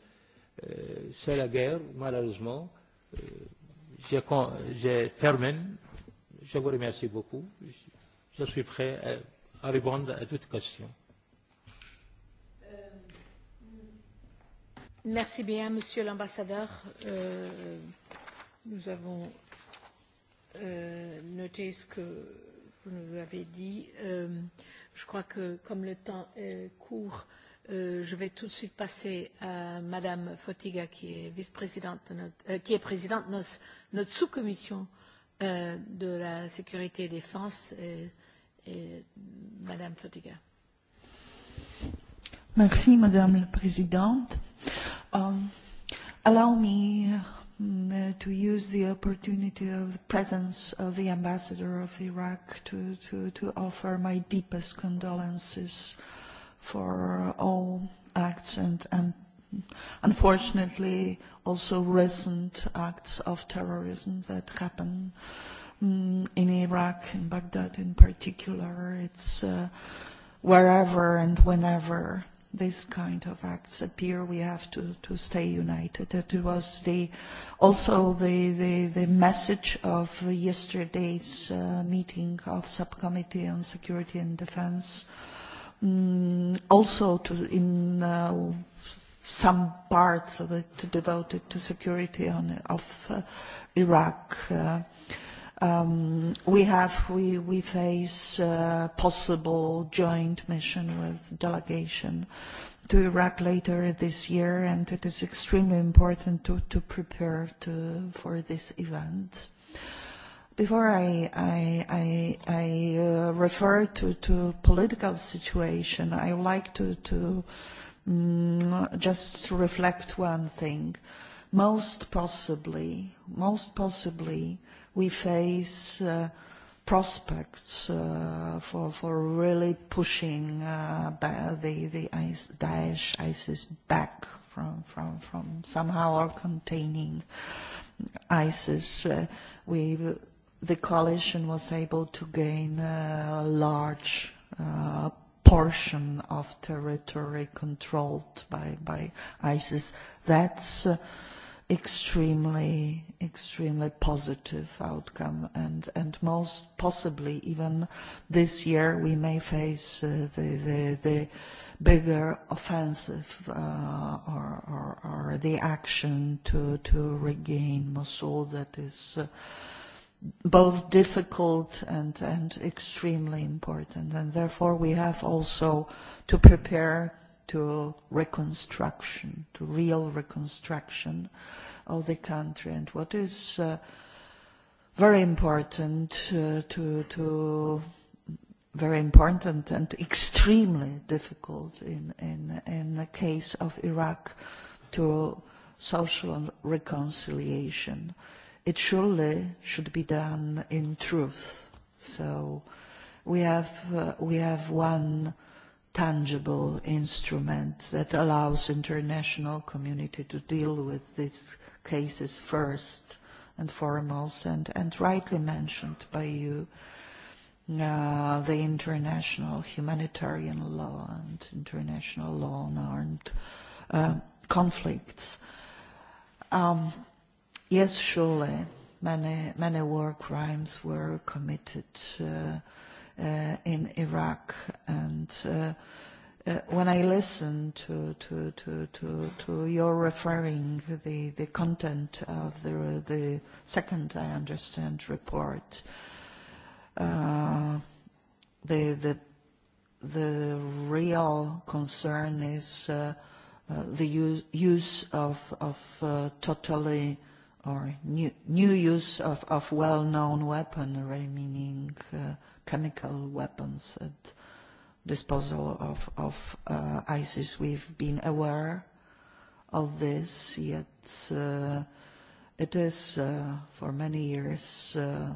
Euh, C'est la guerre, malheureusement. Euh, je, je termine. Je vous remercie beaucoup. Je suis prêt à répondre à toutes questions. Merci bien, Monsieur l'ambassadeur. Euh, Nous avons euh, noté ce que vous nous avez dit. Euh, je crois que comme le temps est court, euh, je vais tout de suite passer à Madame Fotiga, qui est vice-présidente, euh, qui est présidente de notre, notre sous-commission euh, de la sécurité et défense. Et, et Madame Fotiga. Merci, Madame la Présidente. Um, allow me to use the opportunity of the presence of the ambassador of Iraq to, to, to offer my deepest condolences for all acts and, and unfortunately also recent acts of terrorism that happen in Iraq, in Baghdad in particular. It's uh, wherever and whenever these kind of acts appear, we have to, to stay united. That was the, also the, the, the message of yesterday's uh, meeting of Subcommittee on Security and Defense. Mm, also to, in uh, some parts of it devoted to security on, of uh, Iraq. Uh, we have we we face a possible joint mission with delegation to Iraq later this year, and it is extremely important to to prepare to for this event. Before I I I I uh refer to to political situation, I would like to to mm just reflect one thing. Most possibly, most possibly, we face uh, prospects uh, for for really pushing uh, the the Daesh ISIS back from from from somehow or containing ISIS. Uh, we the coalition was able to gain a large uh, portion of territory controlled by by ISIS. That's uh, extremely, extremely positive outcome. And, and most possibly even this year we may face uh, the, the, the bigger offensive uh, or, or, or the action to, to regain Mosul that is uh, both difficult and, and extremely important. And therefore we have also to prepare to reconstruction, to real reconstruction of the country. And what is uh, very important uh, to, to very important and extremely difficult in, in, in the case of Iraq to social reconciliation. It surely should be done in truth. So we have, uh, we have one tangible instrument that allows international community to deal with these cases first and foremost, and, and rightly mentioned by you, uh, the international humanitarian law and international law on armed uh, conflicts. Um, yes, surely, many, many war crimes were committed uh, uh, in Iraq. And uh, uh, when I listen to, to, to, to, to your referring the, the content of the, the second, I understand, report, uh, the, the, the real concern is uh, uh, the use, use of, of uh, totally or new, new use of, of well-known weaponry, meaning uh, chemical weapons at disposal of, of uh, ISIS. We've been aware of this, yet uh, it is uh, for many years uh,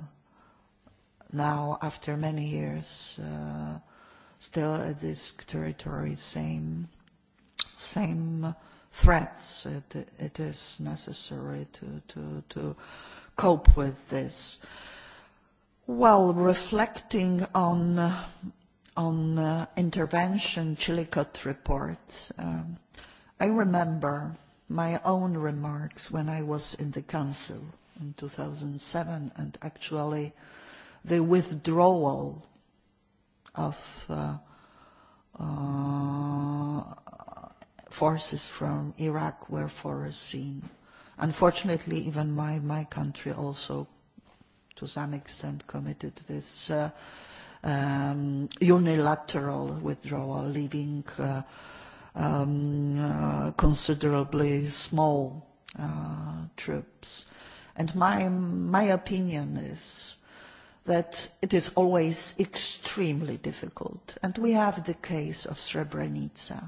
now, after many years, uh, still at this territory same, same threats. It, it is necessary to, to, to cope with this. Uh, Well, reflecting on on uh intervention Chilicot report, um I remember my own remarks when I was in the council in 2007, and actually the withdrawal of uh, uh, forces from Iraq were foreseen. Unfortunately, even my, my country also to some extent committed this uh, um, unilateral withdrawal, leaving uh, um, uh, considerably small uh, troops. And my, my opinion is that it is always extremely difficult. And we have the case of Srebrenica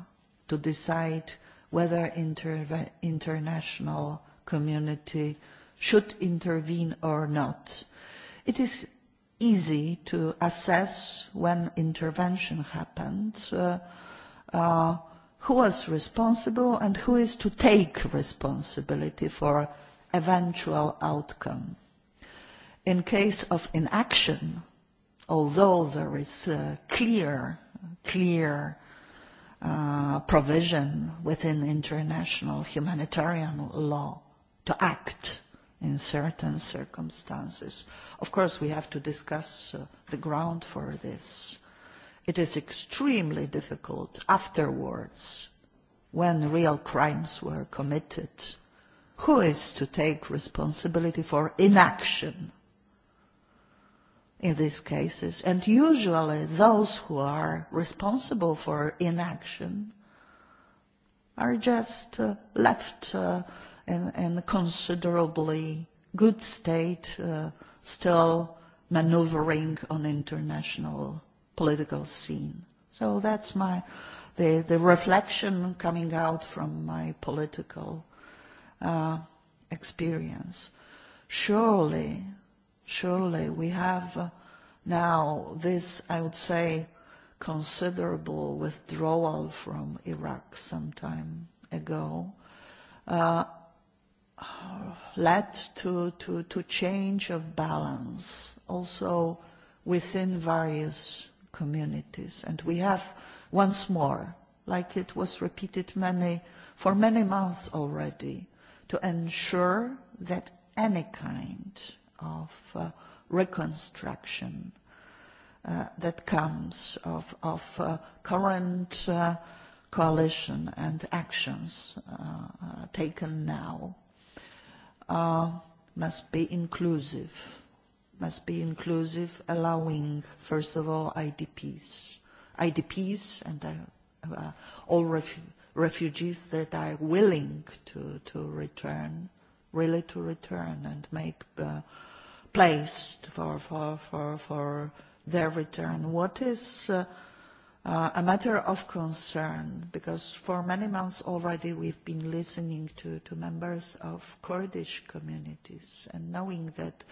to decide whether inter international community should intervene or not It is easy to assess when intervention happened, uh, uh, who was responsible and who is to take responsibility for eventual outcome. In case of inaction, although there is a clear, clear uh, provision within international humanitarian law to act in certain circumstances. Of course, we have to discuss the ground for this. It is extremely difficult afterwards, when real crimes were committed, who is to take responsibility for inaction in these cases. And usually those who are responsible for inaction are just uh, left uh, in, in considerably good state, uh, still maneuvering on international political scene. So that's my the the reflection coming out from my political uh, experience. Surely, surely we have now this, I would say, considerable withdrawal from Iraq some time ago. Uh, led to, to, to change of balance also within various communities. And we have once more, like it was repeated many, for many months already, to ensure that any kind of uh, reconstruction uh, that comes of, of uh, current uh, coalition and actions uh, uh, taken now uh, must be inclusive, must be inclusive, allowing, first of all, IDPs, IDPs and uh, all ref refugees that are willing to, to return, really to return and make uh, place for, for, for, for their return. What is uh, a matter of concern because for many months already we've been listening to, to members of Kurdish communities and knowing that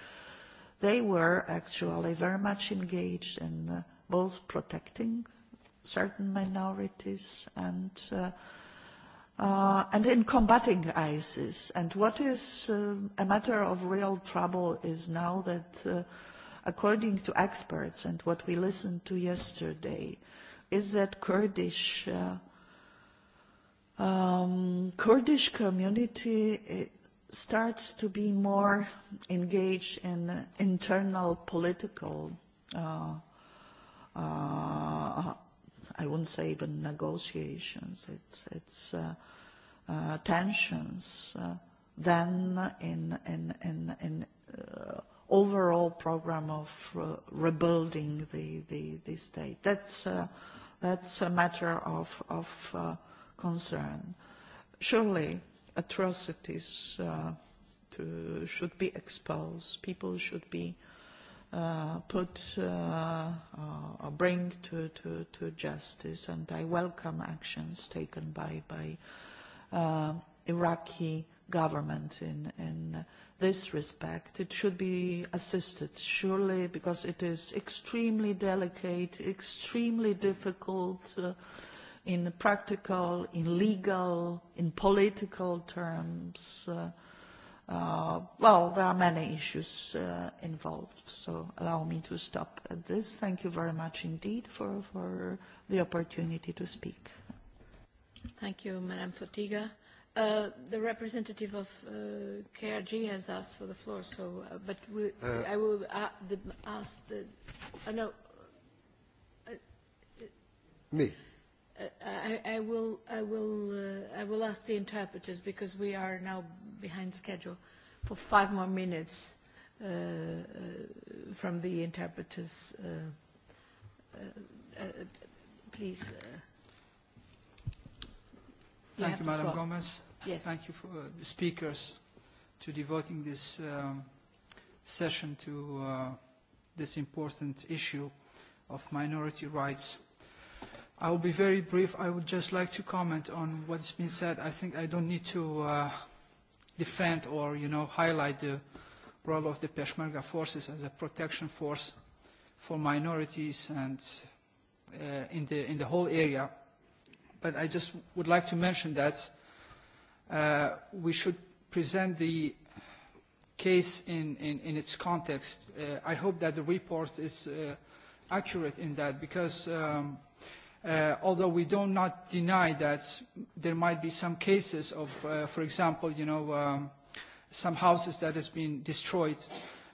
they were actually very much engaged in both protecting certain minorities and uh, uh, and in combating ISIS. And what is uh, a matter of real trouble is now that, uh, according to experts and what we listened to yesterday, uh, is that Kurdish uh, um, Kurdish community it starts to be more engaged in internal political, uh, uh, I wouldn't say even negotiations, it's, it's uh, uh, tensions uh, than in, in, in, in uh, overall program of uh, rebuilding the, the, the state. That's uh, That's a matter of, of uh, concern. Surely atrocities uh, to, should be exposed. People should be uh, put uh, uh, or bring to, to, to justice. And I welcome actions taken by, by uh, Iraqi government in, in this respect, it should be assisted, surely, because it is extremely delicate, extremely difficult uh, in practical, in legal, in political terms. Uh, uh, well, there are many issues uh, involved, so allow me to stop at this. Thank you very much indeed for, for the opportunity to speak. Thank you, Madam Fotiga. Uh, the representative of uh, KRG has asked for the floor, so uh, but we, uh, I will uh, the, ask the. Uh, no. Uh, Me. I, I will. I will. Uh, I will ask the interpreters because we are now behind schedule for five more minutes uh, from the interpreters. Uh, uh, uh, please. Uh, Thank you, Madam Gomez. Yes. Thank you for the speakers to devoting this um, session to uh, this important issue of minority rights. I will be very brief. I would just like to comment on what's been said. I think I don't need to uh, defend or you know highlight the role of the Peshmerga forces as a protection force for minorities and uh, in the in the whole area but I just would like to mention that uh, we should present the case in, in, in its context. Uh, I hope that the report is uh, accurate in that because um, uh, although we do not deny that there might be some cases of, uh, for example, you know, um, some houses that has been destroyed,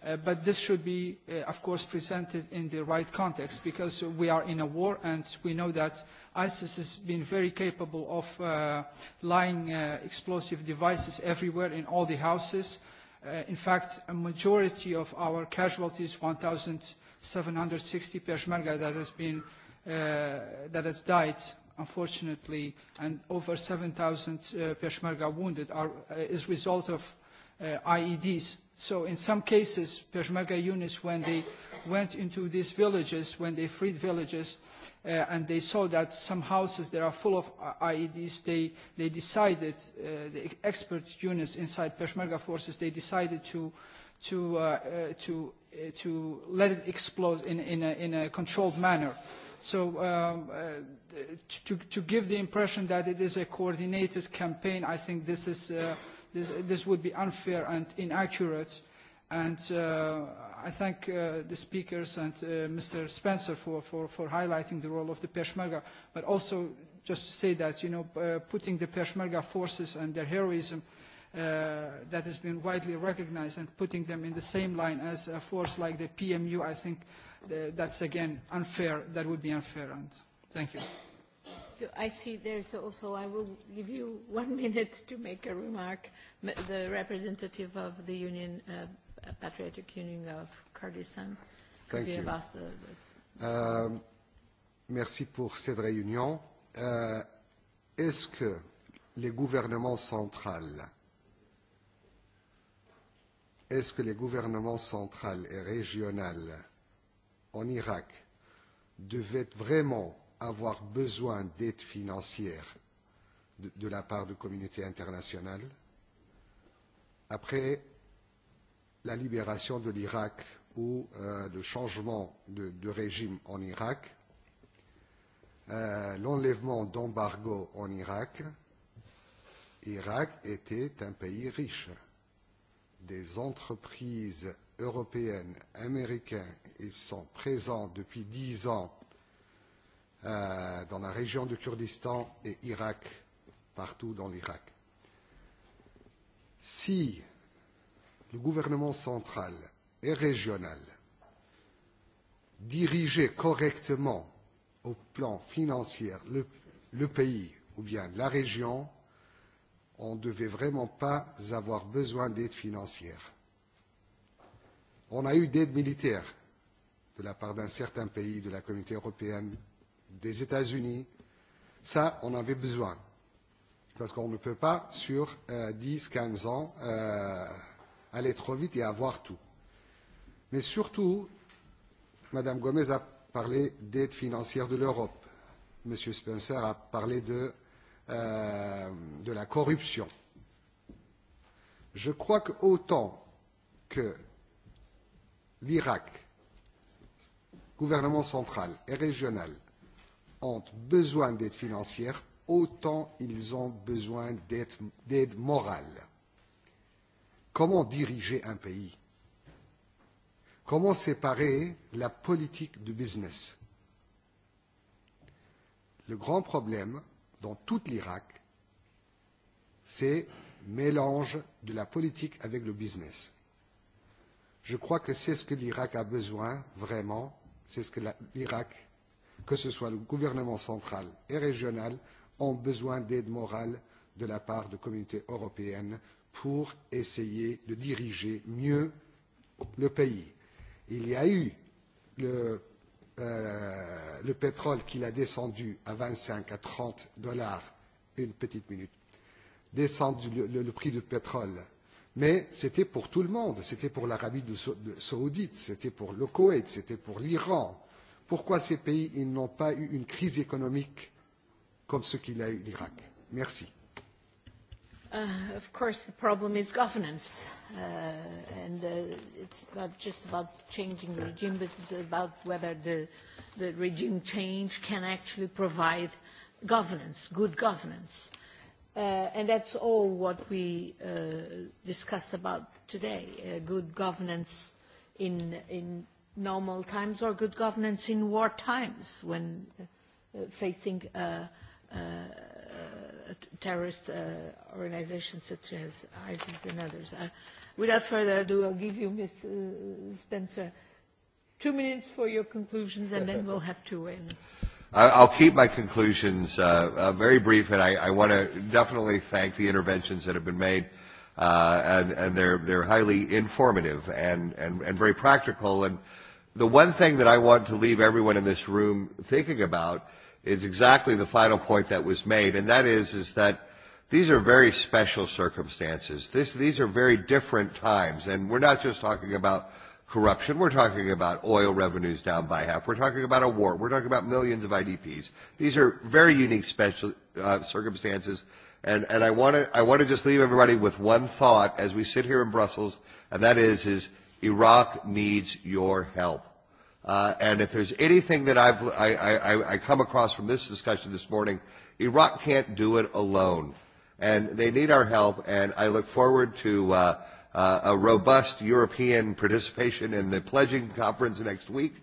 uh, but this should be, uh, of course, presented in the right context because we are in a war and we know that ISIS has been very capable of uh, lying uh, explosive devices everywhere in all the houses. Uh, in fact, a majority of our casualties, 1,760 Peshmerga that has been uh, that has died, unfortunately, and over 7,000 uh, Peshmerga wounded are, uh, is result of uh, IEDs So in some cases, Peshmerga units, when they went into these villages, when they freed villages, uh, and they saw that some houses that are full of IEDs, they, they decided, uh, the expert units inside Peshmerga forces, they decided to, to, uh, uh, to, uh, to let it explode in, in, a, in a controlled manner. So um, uh, to, to give the impression that it is a coordinated campaign, I think this is... Uh, This, this would be unfair and inaccurate. And uh, I thank uh, the speakers and uh, Mr. Spencer for, for, for highlighting the role of the Peshmerga, but also just to say that, you know, uh, putting the Peshmerga forces and their heroism uh, that has been widely recognized and putting them in the same line as a force like the PMU, I think uh, that's, again, unfair. That would be unfair. And thank you. I see there's also, I will give you one minute to make a remark. The representative of the Union, uh, Patriotic Union of Kurdistan. Thank you. Asked the, the euh, merci pour cette réunion. Euh, Est-ce que les gouvernements centrales, est-ce que les gouvernements centrales et régionales en Irak devaient vraiment avoir besoin d'aide financière de, de la part de communautés internationales après la libération de l'Irak ou euh, le changement de, de régime en Irak, euh, l'enlèvement d'embargo en Irak, Irak était un pays riche. Des entreprises européennes, américaines, ils sont présents depuis dix ans dans la région du Kurdistan et Irak, partout dans l'Irak. Si le gouvernement central et régional dirigeait correctement au plan financier le, le pays ou bien la région, on ne devait vraiment pas avoir besoin d'aide financière. On a eu d'aide militaire de la part d'un certain pays de la communauté européenne des États-Unis. Ça, on avait besoin. Parce qu'on ne peut pas, sur euh, 10, 15 ans, euh, aller trop vite et avoir tout. Mais surtout, Madame Gomez a parlé d'aide financière de l'Europe. Monsieur Spencer a parlé de, euh, de la corruption. Je crois que autant que l'Irak, gouvernement central et régional, ont besoin d'aide financière autant ils ont besoin d'aide morale. Comment diriger un pays Comment séparer la politique du business Le grand problème dans tout l'Irak, c'est le mélange de la politique avec le business. Je crois que c'est ce que l'Irak a besoin vraiment, c'est ce que l'Irak que ce soit le gouvernement central et régional, ont besoin d'aide morale de la part de communautés européennes pour essayer de diriger mieux le pays. Il y a eu le, euh, le pétrole qui l'a descendu à 25 à 30 dollars une petite minute, descendu le, le, le prix du pétrole. Mais c'était pour tout le monde, c'était pour l'Arabie saoudite, c'était pour le Koweït, c'était pour l'Iran, Pourquoi ces pays n'ont pas eu une crise économique comme ce qu'il a eu l'Irak Merci. of course, the problem is governance, and it's not just about changing the regime, but it's about whether the, the regime change can actually provide governance, good governance. and that's all what we discussed about today, good governance in, in normal times or good governance in war times when uh, facing uh, uh, terrorist uh, organizations such as ISIS and others. Uh, without further ado, I'll give you, Ms. Spencer, two minutes for your conclusions and then we'll have to end. I'll keep my conclusions uh, uh, very brief, and I, I want to definitely thank the interventions that have been made, uh, and, and they're, they're highly informative and, and, and very practical. And the one thing that I want to leave everyone in this room thinking about is exactly the final point that was made, and that is, is that these are very special circumstances. This, these are very different times, and we're not just talking about corruption. We're talking about oil revenues down by half. We're talking about a war. We're talking about millions of IDPs. These are very unique special uh, circumstances, and, and I want to I want to just leave everybody with one thought as we sit here in Brussels, and that is is Iraq needs your help. Uh, and if there's anything that I've, I, I, I come across from this discussion this morning, Iraq can't do it alone. And they need our help, and I look forward to uh, uh, a robust European participation in the pledging conference next week,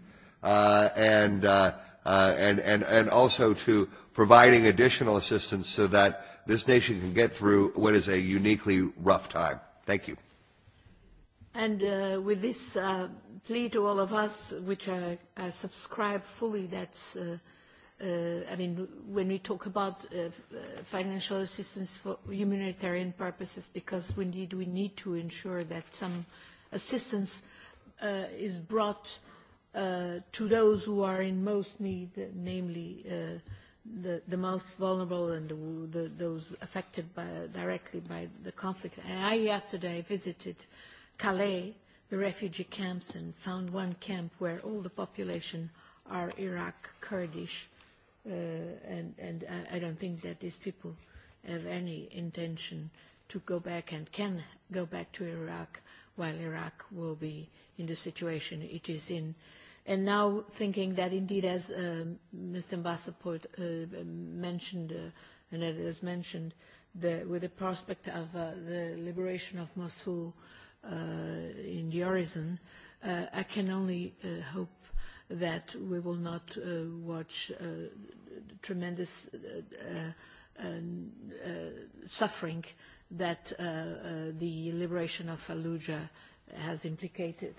uh, and, uh, uh, and, and, and also to providing additional assistance so that this nation can get through what is a uniquely rough time. Thank you. And uh, with this uh, plea to all of us, which I, I subscribe fully, that's, uh, uh, I mean, when we talk about uh, financial assistance for humanitarian purposes, because we need, we need to ensure that some assistance uh, is brought uh, to those who are in most need, namely uh, the, the most vulnerable and the, the, those affected by, directly by the conflict. And I yesterday visited uh, Calais, the refugee camps, and found one camp where all the population are Iraq Kurdish, uh, and, and I, I don't think that these people have any intention to go back and can go back to Iraq while Iraq will be in the situation it is in. And now thinking that indeed, as uh, Mr. Ambassador uh, mentioned, uh, and as mentioned, the, with the prospect of uh, the liberation of Mosul, uh, uh, in the horizon, uh, I can only uh, hope that we will not uh, watch uh, tremendous uh, uh, uh, suffering that uh, uh, the liberation of Fallujah has implicated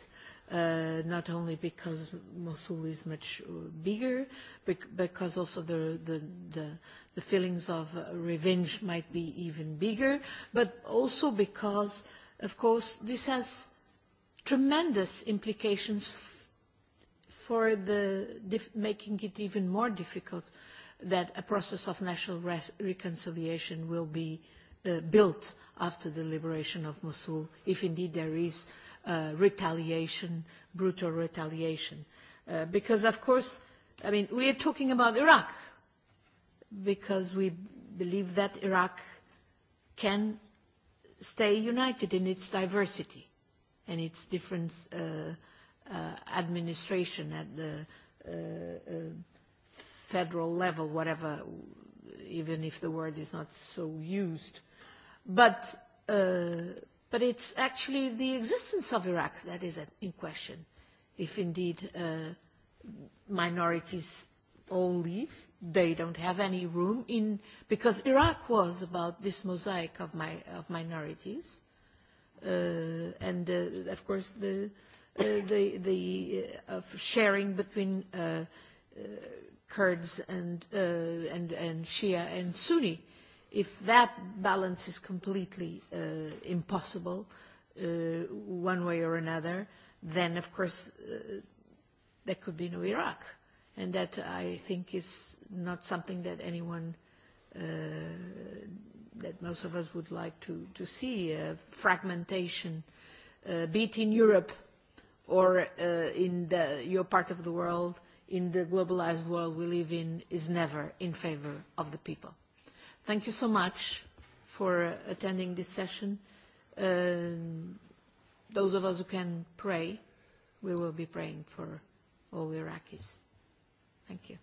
uh, not only because Mosul is much bigger, but because also the, the, the, the feelings of revenge might be even bigger, but also because uh, Of course, this has tremendous implications for the dif making it even more difficult that a process of national re reconciliation will be uh, built after the liberation of Mosul, if indeed there is uh, retaliation, brutal retaliation. Uh, because, of course, I mean, we are talking about Iraq because we believe that Iraq can stay united in its diversity and its different uh, uh, administration at the uh, uh, federal level, whatever, even if the word is not so used. But, uh, but it's actually the existence of Iraq that is in question, if indeed uh, minorities all leave. They don't have any room in, because Iraq was about this mosaic of, my, of minorities. Uh, and uh, of course the, uh, the, the uh, of sharing between uh, uh, Kurds and, uh, and, and Shia and Sunni. If that balance is completely uh, impossible, uh, one way or another, then of course uh, there could be no Iraq. Uh, and that I think is not something that anyone, uh, that most of us would like to, to see, uh, fragmentation, uh, be it in Europe or uh, in the, your part of the world, in the globalized world we live in, is never in favor of the people. Thank you so much for attending this session. Uh, those of us who can pray, we will be praying for all Iraqis. Thank you.